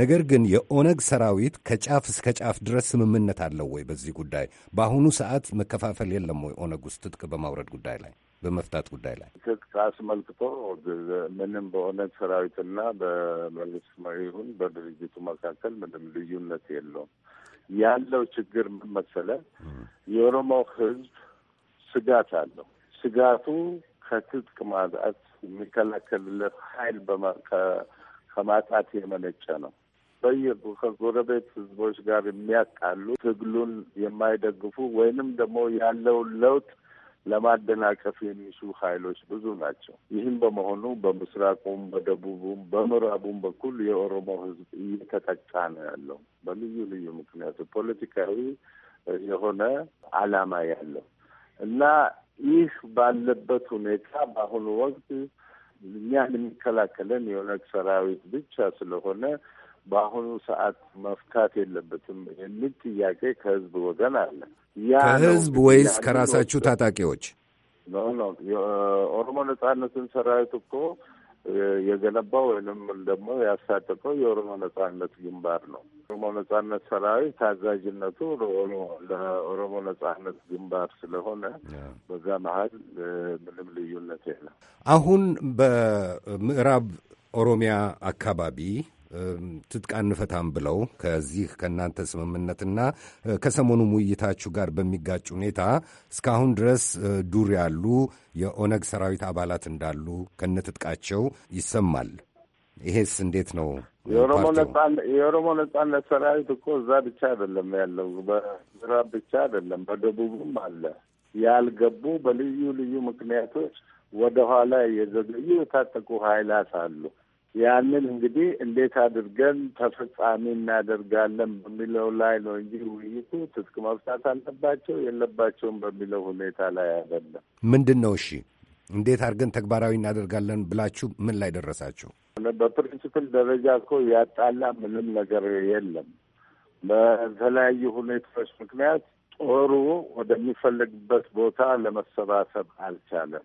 ነገር ግን የኦነግ ሰራዊት ከጫፍ እስከ ጫፍ ድረስ ስምምነት አለው ወይ? በዚህ ጉዳይ በአሁኑ ሰዓት መከፋፈል የለም ወይ? ኦነግ ውስጥ ትጥቅ በማውረድ ጉዳይ ላይ በመፍታት ጉዳይ ላይ ትጥቅ አስመልክቶ ምንም በኦነግ ሰራዊትና በመንግስት ይሁን በድርጅቱ መካከል ምንም ልዩነት የለውም። ያለው ችግር ምን መሰለህ? የኦሮሞ ህዝብ ስጋት አለው። ስጋቱ ከትጥቅ ማጣት የሚከላከልለት ሀይል ከማጣት የመነጨ ነው። በየ ከጎረቤት ህዝቦች ጋር የሚያቃሉ ትግሉን የማይደግፉ ወይንም ደግሞ ያለውን ለውጥ ለማደናቀፍ የሚሹ ኃይሎች ብዙ ናቸው። ይህም በመሆኑ በምስራቁም፣ በደቡቡም፣ በምዕራቡም በኩል የኦሮሞ ህዝብ እየተጠቃ ነው ያለው በልዩ ልዩ ምክንያቱ ፖለቲካዊ የሆነ አላማ ያለው እና ይህ ባለበት ሁኔታ በአሁኑ ወቅት እኛን የሚከላከለን የኦነግ ሰራዊት ብቻ ስለሆነ በአሁኑ ሰዓት መፍታት የለበትም የሚል ጥያቄ ከህዝብ ወገን አለ። ከህዝብ ወይስ ከራሳችሁ ታጣቂዎች? ኦሮሞ ነጻነትን ሰራዊት እኮ የገነባው ወይንም ደግሞ ያሳደቀው የኦሮሞ ነጻነት ግንባር ነው። ኦሮሞ ነጻነት ሰራዊት ታዛዥነቱ ለኦሮሞ ነጻነት ግንባር ስለሆነ በዛ መሀል ምንም ልዩነት የለም። አሁን በምዕራብ ኦሮሚያ አካባቢ ትጥቅ አንፈታም ብለው ከዚህ ከእናንተ ስምምነትና ከሰሞኑም ውይይታችሁ ጋር በሚጋጭ ሁኔታ እስካሁን ድረስ ዱር ያሉ የኦነግ ሰራዊት አባላት እንዳሉ ከነትጥቃቸው ይሰማል። ይሄስ እንዴት ነው? የኦሮሞ ነጻነት ሰራዊት እኮ እዛ ብቻ አይደለም ያለው፣ በምዕራብ ብቻ አይደለም፣ በደቡብም አለ። ያልገቡ በልዩ ልዩ ምክንያቶች ወደኋላ የዘገዩ የታጠቁ ኃይላት አሉ። ያንን እንግዲህ እንዴት አድርገን ተፈጻሚ እናደርጋለን በሚለው ላይ ነው እንጂ ውይይቱ ትጥቅ መፍታት አለባቸው የለባቸውም በሚለው ሁኔታ ላይ አይደለም። ምንድን ነው እሺ፣ እንዴት አድርገን ተግባራዊ እናደርጋለን ብላችሁ ምን ላይ ደረሳችሁ? በፕሪንስፕል ደረጃ እኮ ያጣላ ምንም ነገር የለም። በተለያዩ ሁኔታዎች ምክንያት ጦሩ ወደሚፈለግበት ቦታ ለመሰባሰብ አልቻለም።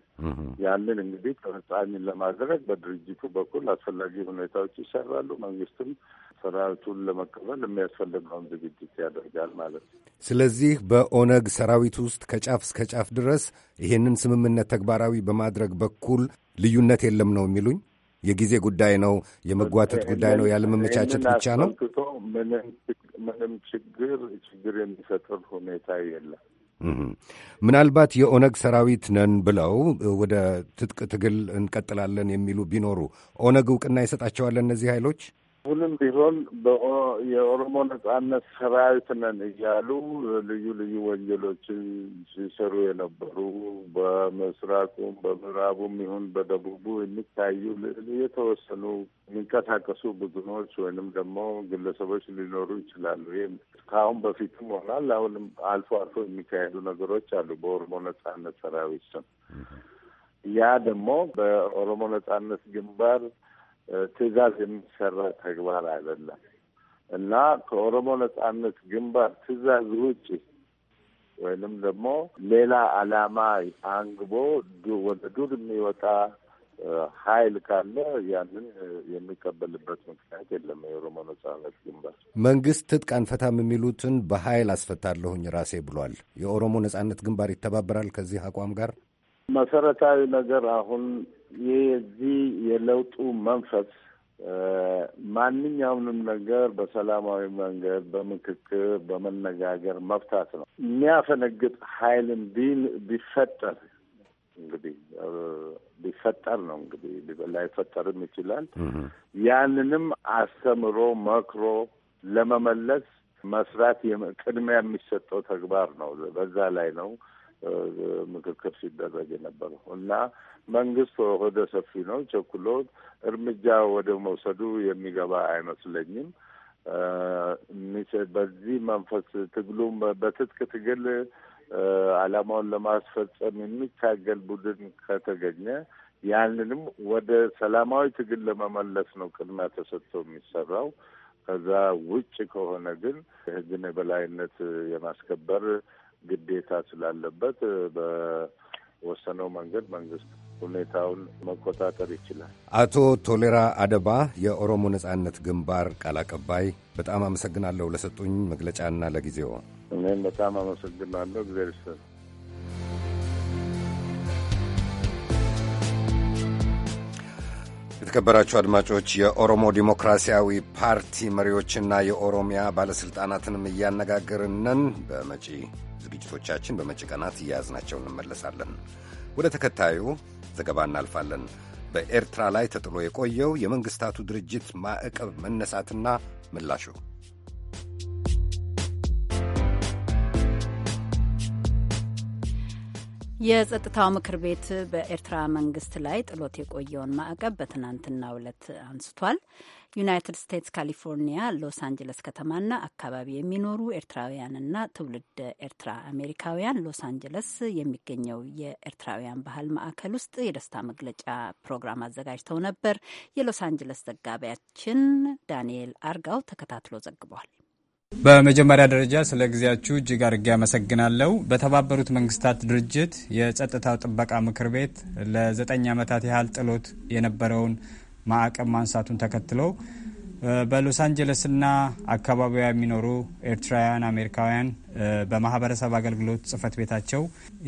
ያንን እንግዲህ ተፈጻሚ ለማድረግ በድርጅቱ በኩል አስፈላጊ ሁኔታዎች ይሰራሉ። መንግስትም ሰራዊቱን ለመቀበል የሚያስፈልገውን ዝግጅት ያደርጋል ማለት ነው። ስለዚህ በኦነግ ሰራዊት ውስጥ ከጫፍ እስከ ጫፍ ድረስ ይሄንን ስምምነት ተግባራዊ በማድረግ በኩል ልዩነት የለም ነው የሚሉኝ? የጊዜ ጉዳይ ነው፣ የመጓተት ጉዳይ ነው፣ ያለመመቻቸት ብቻ ነው። ምንም ችግር ችግር የሚፈጥር ሁኔታ የለም። ምናልባት የኦነግ ሰራዊት ነን ብለው ወደ ትጥቅ ትግል እንቀጥላለን የሚሉ ቢኖሩ ኦነግ እውቅና ይሰጣቸዋል እነዚህ ኃይሎች? ሁሉም ቢሆን የኦሮሞ ነጻነት ሰራዊት ነን እያሉ ልዩ ልዩ ወንጀሎችን ሲሰሩ የነበሩ በምስራቁም በምዕራቡም ይሁን በደቡቡ የሚታዩ የተወሰኑ የሚንቀሳቀሱ ቡድኖች ወይንም ደግሞ ግለሰቦች ሊኖሩ ይችላሉ። ይህም ከአሁን በፊትም ሆናል አሁንም አልፎ አልፎ የሚካሄዱ ነገሮች አሉ በኦሮሞ ነጻነት ሰራዊት ስም ያ ደግሞ በኦሮሞ ነጻነት ግንባር ትዕዛዝ የሚሰራ ተግባር አይደለም እና ከኦሮሞ ነጻነት ግንባር ትዕዛዝ ውጭ ወይንም ደግሞ ሌላ ዓላማ አንግቦ ወደ ዱር የሚወጣ ኃይል ካለ ያንን የሚቀበልበት ምክንያት የለም። የኦሮሞ ነጻነት ግንባር መንግስት ትጥቅ አንፈታም የሚሉትን በኃይል አስፈታለሁኝ ራሴ ብሏል። የኦሮሞ ነጻነት ግንባር ይተባበራል ከዚህ አቋም ጋር መሰረታዊ ነገር አሁን የዚህ የለውጡ መንፈስ ማንኛውንም ነገር በሰላማዊ መንገድ በምክክር በመነጋገር መፍታት ነው። የሚያፈነግጥ ኃይልን ቢል ቢፈጠር እንግዲህ ሊፈጠር ነው እንግዲህ ላይፈጠርም ይችላል። ያንንም አስተምሮ መክሮ ለመመለስ መስራት ቅድሚያ የሚሰጠው ተግባር ነው። በዛ ላይ ነው ምክክር ሲደረግ የነበረው እና መንግስት ወደ ሰፊ ነው ቸኩሎ እርምጃ ወደ መውሰዱ የሚገባ አይመስለኝም። በዚህ መንፈስ ትግሉም በትጥቅ ትግል አላማውን ለማስፈጸም የሚታገል ቡድን ከተገኘ ያንንም ወደ ሰላማዊ ትግል ለመመለስ ነው ቅድሚያ ተሰጥቶ የሚሰራው። ከዛ ውጭ ከሆነ ግን የህግን የበላይነት የማስከበር ግዴታ ስላለበት በወሰነው መንገድ መንግስት ሁኔታውን መቆጣጠር ይችላል። አቶ ቶሌራ አደባ የኦሮሞ ነጻነት ግንባር ቃል አቀባይ፣ በጣም አመሰግናለሁ ለሰጡኝ መግለጫና ለጊዜው። እኔም በጣም አመሰግናለሁ። እግዚአብሔር ይስጥልኝ። የተከበራችሁ አድማጮች የኦሮሞ ዲሞክራሲያዊ ፓርቲ መሪዎችና የኦሮሚያ ባለሥልጣናትንም እያነጋገርን በመጪ ዝግጅቶቻችን በመጪ ቀናት እያያዝናቸው እንመለሳለን። ወደ ተከታዩ ዘገባ እናልፋለን። በኤርትራ ላይ ተጥሎ የቆየው የመንግሥታቱ ድርጅት ማዕቀብ መነሳትና ምላሹ የጸጥታው ምክር ቤት በኤርትራ መንግስት ላይ ጥሎት የቆየውን ማዕቀብ በትናንትናው ዕለት አንስቷል። ዩናይትድ ስቴትስ ካሊፎርኒያ ሎስ አንጀለስ ከተማና አካባቢ የሚኖሩ ኤርትራውያንና ትውልድ ኤርትራ አሜሪካውያን ሎስ አንጀለስ የሚገኘው የኤርትራውያን ባህል ማዕከል ውስጥ የደስታ መግለጫ ፕሮግራም አዘጋጅተው ነበር። የሎስ አንጀለስ ዘጋቢያችን ዳንኤል አርጋው ተከታትሎ ዘግቧል። በመጀመሪያ ደረጃ ስለ ጊዜያችሁ እጅግ አድርጌ አመሰግናለሁ። በተባበሩት መንግስታት ድርጅት የጸጥታው ጥበቃ ምክር ቤት ለዘጠኝ ዓመታት ያህል ጥሎት የነበረውን ማዕቀብ ማንሳቱን ተከትሎ በሎስ አንጀለስና አካባቢዋ የሚኖሩ ኤርትራውያን አሜሪካውያን በማህበረሰብ አገልግሎት ጽህፈት ቤታቸው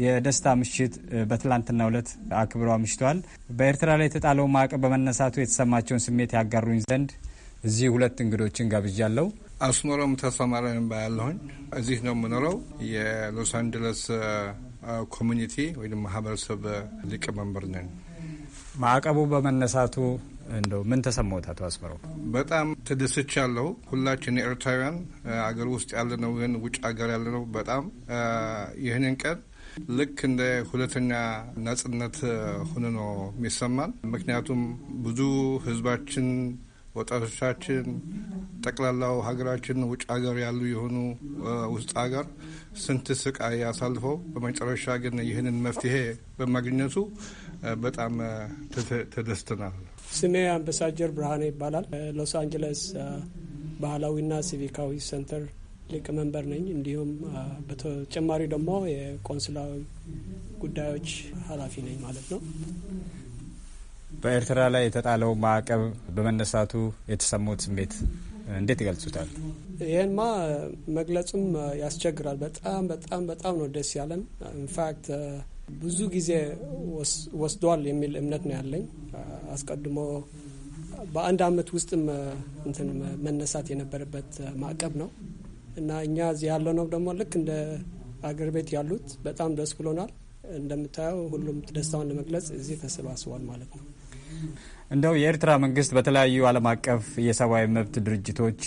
የደስታ ምሽት በትላንትናው ዕለት አክብሮ አምሽቷል። በኤርትራ ላይ የተጣለው ማዕቀብ በመነሳቱ የተሰማቸውን ስሜት ያጋሩኝ ዘንድ እዚህ ሁለት እንግዶችን ጋብዣለሁ። አስኖረም ተሰማራን ባያለሁኝ እዚህ ነው የምኖረው። የሎስ አንጀለስ ኮሚኒቲ ወይም ማህበረሰብ ሊቀመንበር ነን። ማዕቀቡ በመነሳቱ እንደው ምን ተሰማዎት አቶ አስመረው? በጣም ተደስቻለሁ። ሁላችን ኤርትራውያን አገር ውስጥ ያለነው ይህን ውጭ ሀገር ያለነው በጣም ይህንን ቀን ልክ እንደ ሁለተኛ ነጻነት ሆኖ ነው የሚሰማን። ምክንያቱም ብዙ ህዝባችን ወጣቶቻችን ጠቅላላው ሀገራችን ውጭ ሀገር ያሉ የሆኑ ውስጥ ሀገር ስንት ስቃይ አሳልፈው በመጨረሻ ግን ይህንን መፍትሄ በማግኘቱ በጣም ተደስተናል። ስሜ አምባሳጀር ብርሃኔ ይባላል። ሎስ አንጀለስ ባህላዊና ሲቪካዊ ሴንተር ሊቀመንበር ነኝ። እንዲሁም በተጨማሪ ደግሞ የቆንስላዊ ጉዳዮች ኃላፊ ነኝ ማለት ነው። በኤርትራ ላይ የተጣለው ማዕቀብ በመነሳቱ የተሰሙት ስሜት እንዴት ይገልጹታል? ይህንማ መግለጹም ያስቸግራል። በጣም በጣም በጣም ነው ደስ ያለን። ኢንፋክት ብዙ ጊዜ ወስዷል የሚል እምነት ነው ያለኝ። አስቀድሞ በአንድ አመት ውስጥም እንትን መነሳት የነበረበት ማዕቀብ ነው እና እኛ እዚህ ያለነው ደግሞ ልክ እንደ አገር ቤት ያሉት በጣም ደስ ብሎናል። እንደምታየው ሁሉም ደስታውን ለመግለጽ እዚህ ተሰባስቧል ማለት ነው። እንደው የኤርትራ መንግስት በተለያዩ ዓለም አቀፍ የሰብአዊ መብት ድርጅቶች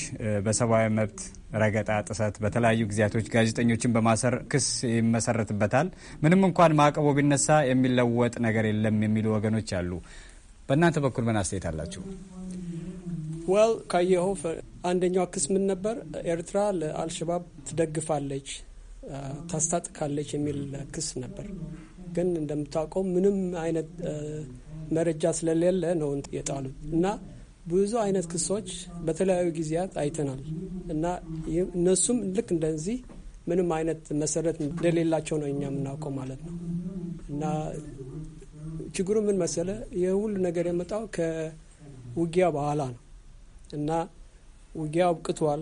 በሰብአዊ መብት ረገጣ ጥሰት በተለያዩ ጊዜያቶች ጋዜጠኞችን በማሰር ክስ ይመሰረትበታል። ምንም እንኳን ማዕቀቡ ቢነሳ የሚለወጥ ነገር የለም የሚሉ ወገኖች አሉ። በእናንተ በኩል ምን አስተያየት አላችሁ? ወል ካየኸው አንደኛው ክስ ምን ነበር? ኤርትራ ለአልሸባብ ትደግፋለች፣ ታስታጥቃለች የሚል ክስ ነበር። ግን እንደምታውቀው ምንም አይነት መረጃ ስለሌለ ነው የጣሉት እና ብዙ አይነት ክሶች በተለያዩ ጊዜያት አይተናል እና እነሱም ልክ እንደዚህ ምንም አይነት መሰረት እንደሌላቸው ነው እኛ የምናውቀው ማለት ነው እና ችግሩ ምን መሰለ የሁሉ ነገር የመጣው ከውጊያ በኋላ ነው እና ውጊያ አብቅቷል።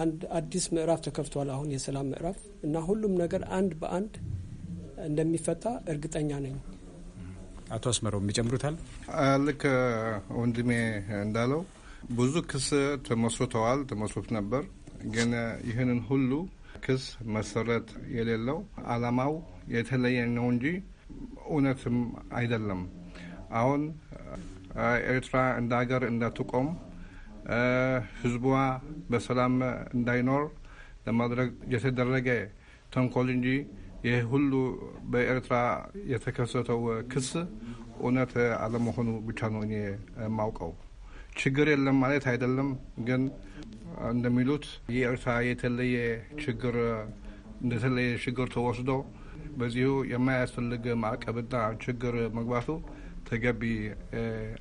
አንድ አዲስ ምዕራፍ ተከፍቷል። አሁን የሰላም ምዕራፍ እና ሁሉም ነገር አንድ በአንድ እንደሚፈታ እርግጠኛ ነኝ። አቶ አስመረው የሚጨምሩታል። ልክ ወንድሜ እንዳለው ብዙ ክስ ተመስርተዋል፣ ተመስርቶ ነበር። ግን ይህንን ሁሉ ክስ መሰረት የሌለው አላማው የተለየ ነው እንጂ እውነትም አይደለም። አሁን ኤርትራ እንደ ሀገር እንዳትቆም ህዝቧ በሰላም እንዳይኖር ለማድረግ የተደረገ ተንኮል እንጂ ይህ ሁሉ በኤርትራ የተከሰተው ክስ እውነት አለመሆኑ ብቻ ነው እኔ የማውቀው። ችግር የለም ማለት አይደለም፣ ግን እንደሚሉት የኤርትራ የተለየ ችግር እንደተለየ ችግር ተወስዶ በዚሁ የማያስፈልግ ማዕቀብና ችግር መግባቱ ተገቢ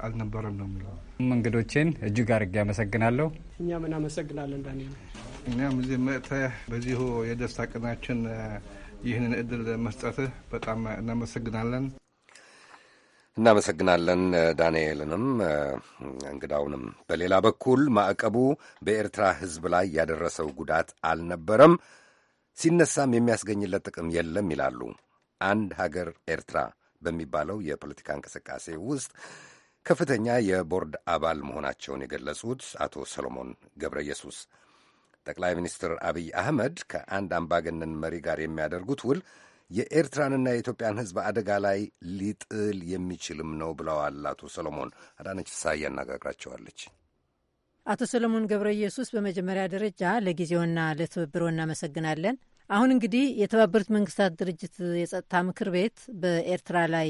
አልነበረም ነው የሚለው። እንግዶቼን እጅግ አድርጌ አመሰግናለሁ። እኛም እናመሰግናለን ዳንኤል። እኛም እዚህ መጥተህ በዚሁ የደስታ ቀናችን ይህንን እድል መስጠትህ በጣም እናመሰግናለን። እናመሰግናለን ዳንኤልንም እንግዳውንም። በሌላ በኩል ማዕቀቡ በኤርትራ ሕዝብ ላይ ያደረሰው ጉዳት አልነበረም፣ ሲነሳም የሚያስገኝለት ጥቅም የለም ይላሉ። አንድ ሀገር ኤርትራ በሚባለው የፖለቲካ እንቅስቃሴ ውስጥ ከፍተኛ የቦርድ አባል መሆናቸውን የገለጹት አቶ ሰሎሞን ገብረ ኢየሱስ ጠቅላይ ሚኒስትር አብይ አህመድ ከአንድ አምባገነን መሪ ጋር የሚያደርጉት ውል የኤርትራንና የኢትዮጵያን ሕዝብ አደጋ ላይ ሊጥል የሚችልም ነው ብለዋል አቶ ሰሎሞን። አዳነች ፍስሐ እያነጋግራቸዋለች። አቶ ሰሎሞን ገብረ ኢየሱስ በመጀመሪያ ደረጃ ለጊዜውና ለትብብሮ እናመሰግናለን። አሁን እንግዲህ የተባበሩት መንግስታት ድርጅት የጸጥታ ምክር ቤት በኤርትራ ላይ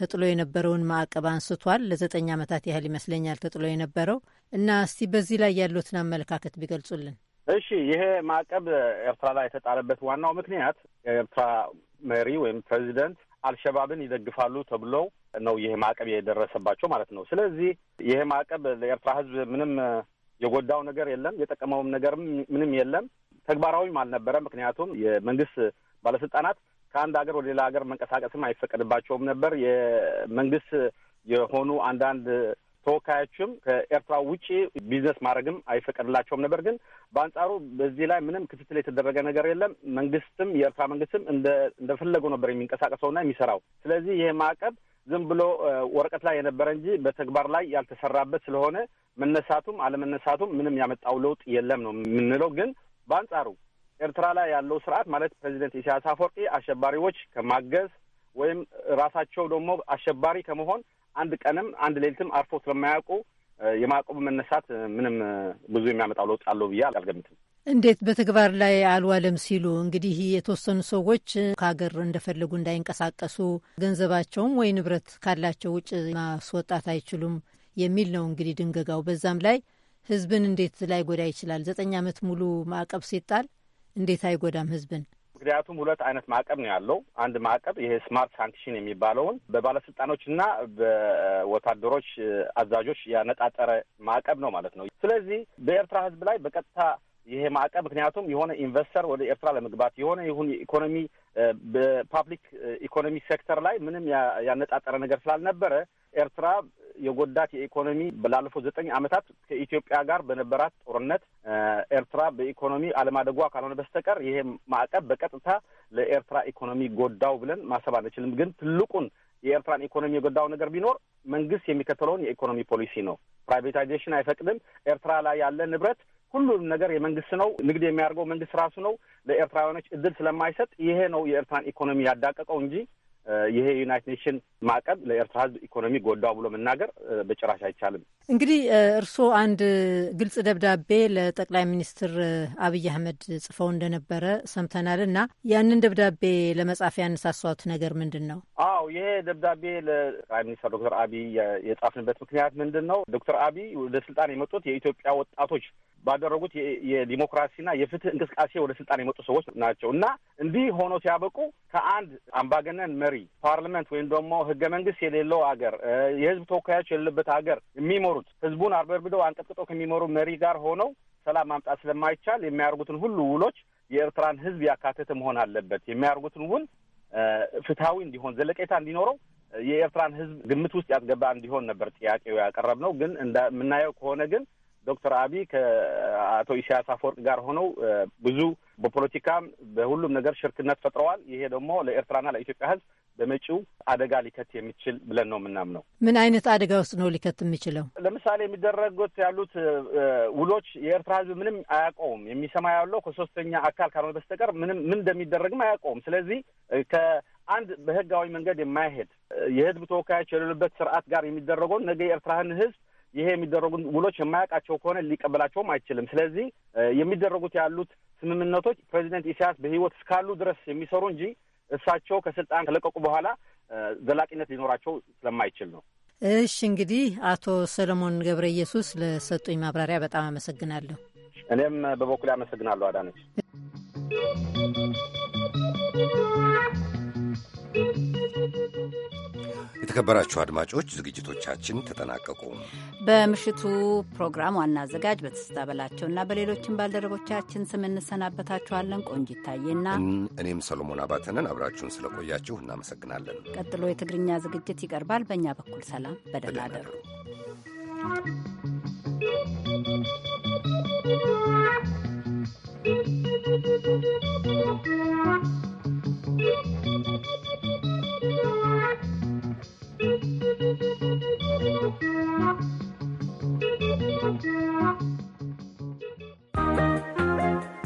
ተጥሎ የነበረውን ማዕቀብ አንስቷል። ለዘጠኝ ዓመታት ያህል ይመስለኛል ተጥሎ የነበረው እና እስቲ በዚህ ላይ ያሉትን አመለካከት ቢገልጹልን። እሺ ይሄ ማዕቀብ ኤርትራ ላይ የተጣለበት ዋናው ምክንያት ኤርትራ መሪ ወይም ፕሬዚደንት አልሸባብን ይደግፋሉ ተብለው ነው ይሄ ማዕቀብ የደረሰባቸው ማለት ነው። ስለዚህ ይሄ ማዕቀብ ለኤርትራ ሕዝብ ምንም የጎዳው ነገር የለም፣ የጠቀመውም ነገር ምንም የለም። ተግባራዊም አልነበረ። ምክንያቱም የመንግስት ባለስልጣናት ከአንድ ሀገር ወደ ሌላ ሀገር መንቀሳቀስም አይፈቀድባቸውም ነበር። የመንግስት የሆኑ አንዳንድ ተወካዮችም ከኤርትራ ውጪ ቢዝነስ ማድረግም አይፈቀድላቸውም ነበር። ግን በአንጻሩ በዚህ ላይ ምንም ክትትል የተደረገ ነገር የለም። መንግስትም የኤርትራ መንግስትም እንደፈለገው ነበር የሚንቀሳቀሰውና የሚሰራው። ስለዚህ ይህ ማዕቀብ ዝም ብሎ ወረቀት ላይ የነበረ እንጂ በተግባር ላይ ያልተሰራበት ስለሆነ መነሳቱም አለመነሳቱም ምንም ያመጣው ለውጥ የለም ነው የምንለው። ግን በአንጻሩ ኤርትራ ላይ ያለው ስርዓት ማለት ፕሬዚደንት ኢሳያስ አፈወርቂ አሸባሪዎች ከማገዝ ወይም ራሳቸው ደግሞ አሸባሪ ከመሆን አንድ ቀንም አንድ ሌሊትም አርፎ ስለማያውቁ የማዕቀቡ መነሳት ምንም ብዙ የሚያመጣው ለውጥ አለው ብዬ አልገምትም። እንዴት በተግባር ላይ አልዋለም ሲሉ እንግዲህ የተወሰኑ ሰዎች ከሀገር እንደፈለጉ እንዳይንቀሳቀሱ ገንዘባቸውም ወይ ንብረት ካላቸው ውጭ ማስወጣት አይችሉም የሚል ነው እንግዲህ ድንገጋው። በዛም ላይ ህዝብን እንዴት ላይጎዳ ይችላል? ዘጠኝ ዓመት ሙሉ ማዕቀብ ሲጣል እንዴት አይጎዳም ህዝብን? ምክንያቱም ሁለት አይነት ማዕቀብ ነው ያለው። አንድ ማዕቀብ ይሄ ስማርት ሳንክሽን የሚባለውን በባለስልጣኖች በወታደሮች አዛዦች ያነጣጠረ ማዕቀብ ነው ማለት ነው። ስለዚህ በኤርትራ ህዝብ ላይ በቀጥታ ይሄ ማዕቀብ ምክንያቱም የሆነ ኢንቨስተር ወደ ኤርትራ ለመግባት የሆነ ይሁን ኢኮኖሚ በፓብሊክ ኢኮኖሚ ሴክተር ላይ ምንም ያነጣጠረ ነገር ስላልነበረ ኤርትራ የጎዳት የኢኮኖሚ ላለፉት ዘጠኝ ዓመታት ከኢትዮጵያ ጋር በነበራት ጦርነት ኤርትራ በኢኮኖሚ አለማደጓ ካልሆነ በስተቀር ይሄ ማዕቀብ በቀጥታ ለኤርትራ ኢኮኖሚ ጎዳው ብለን ማሰብ አንችልም። ግን ትልቁን የኤርትራን ኢኮኖሚ የጎዳው ነገር ቢኖር መንግስት የሚከተለውን የኢኮኖሚ ፖሊሲ ነው። ፕራይቬታይዜሽን አይፈቅድም። ኤርትራ ላይ ያለ ንብረት ሁሉም ነገር የመንግስት ነው። ንግድ የሚያደርገው መንግስት ራሱ ነው። ለኤርትራውያኖች እድል ስለማይሰጥ ይሄ ነው የኤርትራን ኢኮኖሚ ያዳቀቀው እንጂ ይሄ ዩናይት ኔሽን ማዕቀብ ለኤርትራ ህዝብ ኢኮኖሚ ጎዳው ብሎ መናገር በጭራሽ አይቻልም። እንግዲህ እርስዎ አንድ ግልጽ ደብዳቤ ለጠቅላይ ሚኒስትር አብይ አህመድ ጽፈው እንደነበረ ሰምተናል እና ያንን ደብዳቤ ለመጻፍ ያነሳሷት ነገር ምንድን ነው? አዎ ይሄ ደብዳቤ ለጠቅላይ ሚኒስትር ዶክተር አብይ የጻፍንበት ምክንያት ምንድን ነው? ዶክተር አብይ ወደ ስልጣን የመጡት የኢትዮጵያ ወጣቶች ባደረጉት የዲሞክራሲና የፍትህ እንቅስቃሴ ወደ ስልጣን የመጡ ሰዎች ናቸው እና እንዲህ ሆኖ ሲያበቁ ከአንድ አምባገነን መሪ ፓርላመንት ወይም ደግሞ ህገ መንግስት የሌለው ሀገር የህዝብ ተወካዮች የሌለበት ሀገር የሚሞሩ የሚመሩት ህዝቡን አርበርብደው አንቀጥቅጠው ከሚመሩ መሪ ጋር ሆነው ሰላም ማምጣት ስለማይቻል የሚያደርጉትን ሁሉ ውሎች የኤርትራን ህዝብ ያካተተ መሆን አለበት። የሚያደርጉትን ውል ፍትሐዊ እንዲሆን ዘለቄታ እንዲኖረው የኤርትራን ህዝብ ግምት ውስጥ ያስገባ እንዲሆን ነበር ጥያቄው ያቀረብ ነው። ግን እንደምናየው ከሆነ ግን ዶክተር አብይ ከአቶ ኢሳያስ አፈወርቅ ጋር ሆነው ብዙ በፖለቲካም በሁሉም ነገር ሽርክነት ፈጥረዋል። ይሄ ደግሞ ለኤርትራና ለኢትዮጵያ ህዝብ በመጪው አደጋ ሊከት የሚችል ብለን ነው የምናምነው። ምን አይነት አደጋ ውስጥ ነው ሊከት የሚችለው? ለምሳሌ የሚደረጉት ያሉት ውሎች የኤርትራ ሕዝብ ምንም አያውቀውም። የሚሰማ ያለው ከሶስተኛ አካል ካልሆነ በስተቀር ምንም ምን እንደሚደረግም አያውቀውም። ስለዚህ ከአንድ በህጋዊ መንገድ የማይሄድ የህዝብ ተወካዮች የሌሉበት ስርዓት ጋር የሚደረገውን ነገ የኤርትራህን ሕዝብ ይሄ የሚደረጉ ውሎች የማያውቃቸው ከሆነ ሊቀበላቸውም አይችልም። ስለዚህ የሚደረጉት ያሉት ስምምነቶች ፕሬዚደንት ኢሳያስ በህይወት እስካሉ ድረስ የሚሰሩ እንጂ እሳቸው ከስልጣን ከለቀቁ በኋላ ዘላቂነት ሊኖራቸው ስለማይችል ነው። እሺ እንግዲህ አቶ ሰለሞን ገብረ ኢየሱስ ለሰጡኝ ማብራሪያ በጣም አመሰግናለሁ። እኔም በበኩሌ አመሰግናለሁ አዳነች። የተከበራችሁ አድማጮች ዝግጅቶቻችን ተጠናቀቁ። በምሽቱ ፕሮግራም ዋና አዘጋጅ በትስታ በላቸውና በሌሎችን ባልደረቦቻችን ስም እንሰናበታችኋለን። ቆንጅ ይታየና እኔም ሰሎሞን አባተንን አብራችሁን ስለቆያችሁ እናመሰግናለን። ቀጥሎ የትግርኛ ዝግጅት ይቀርባል። በእኛ በኩል ሰላም፣ በደህና እደሩ።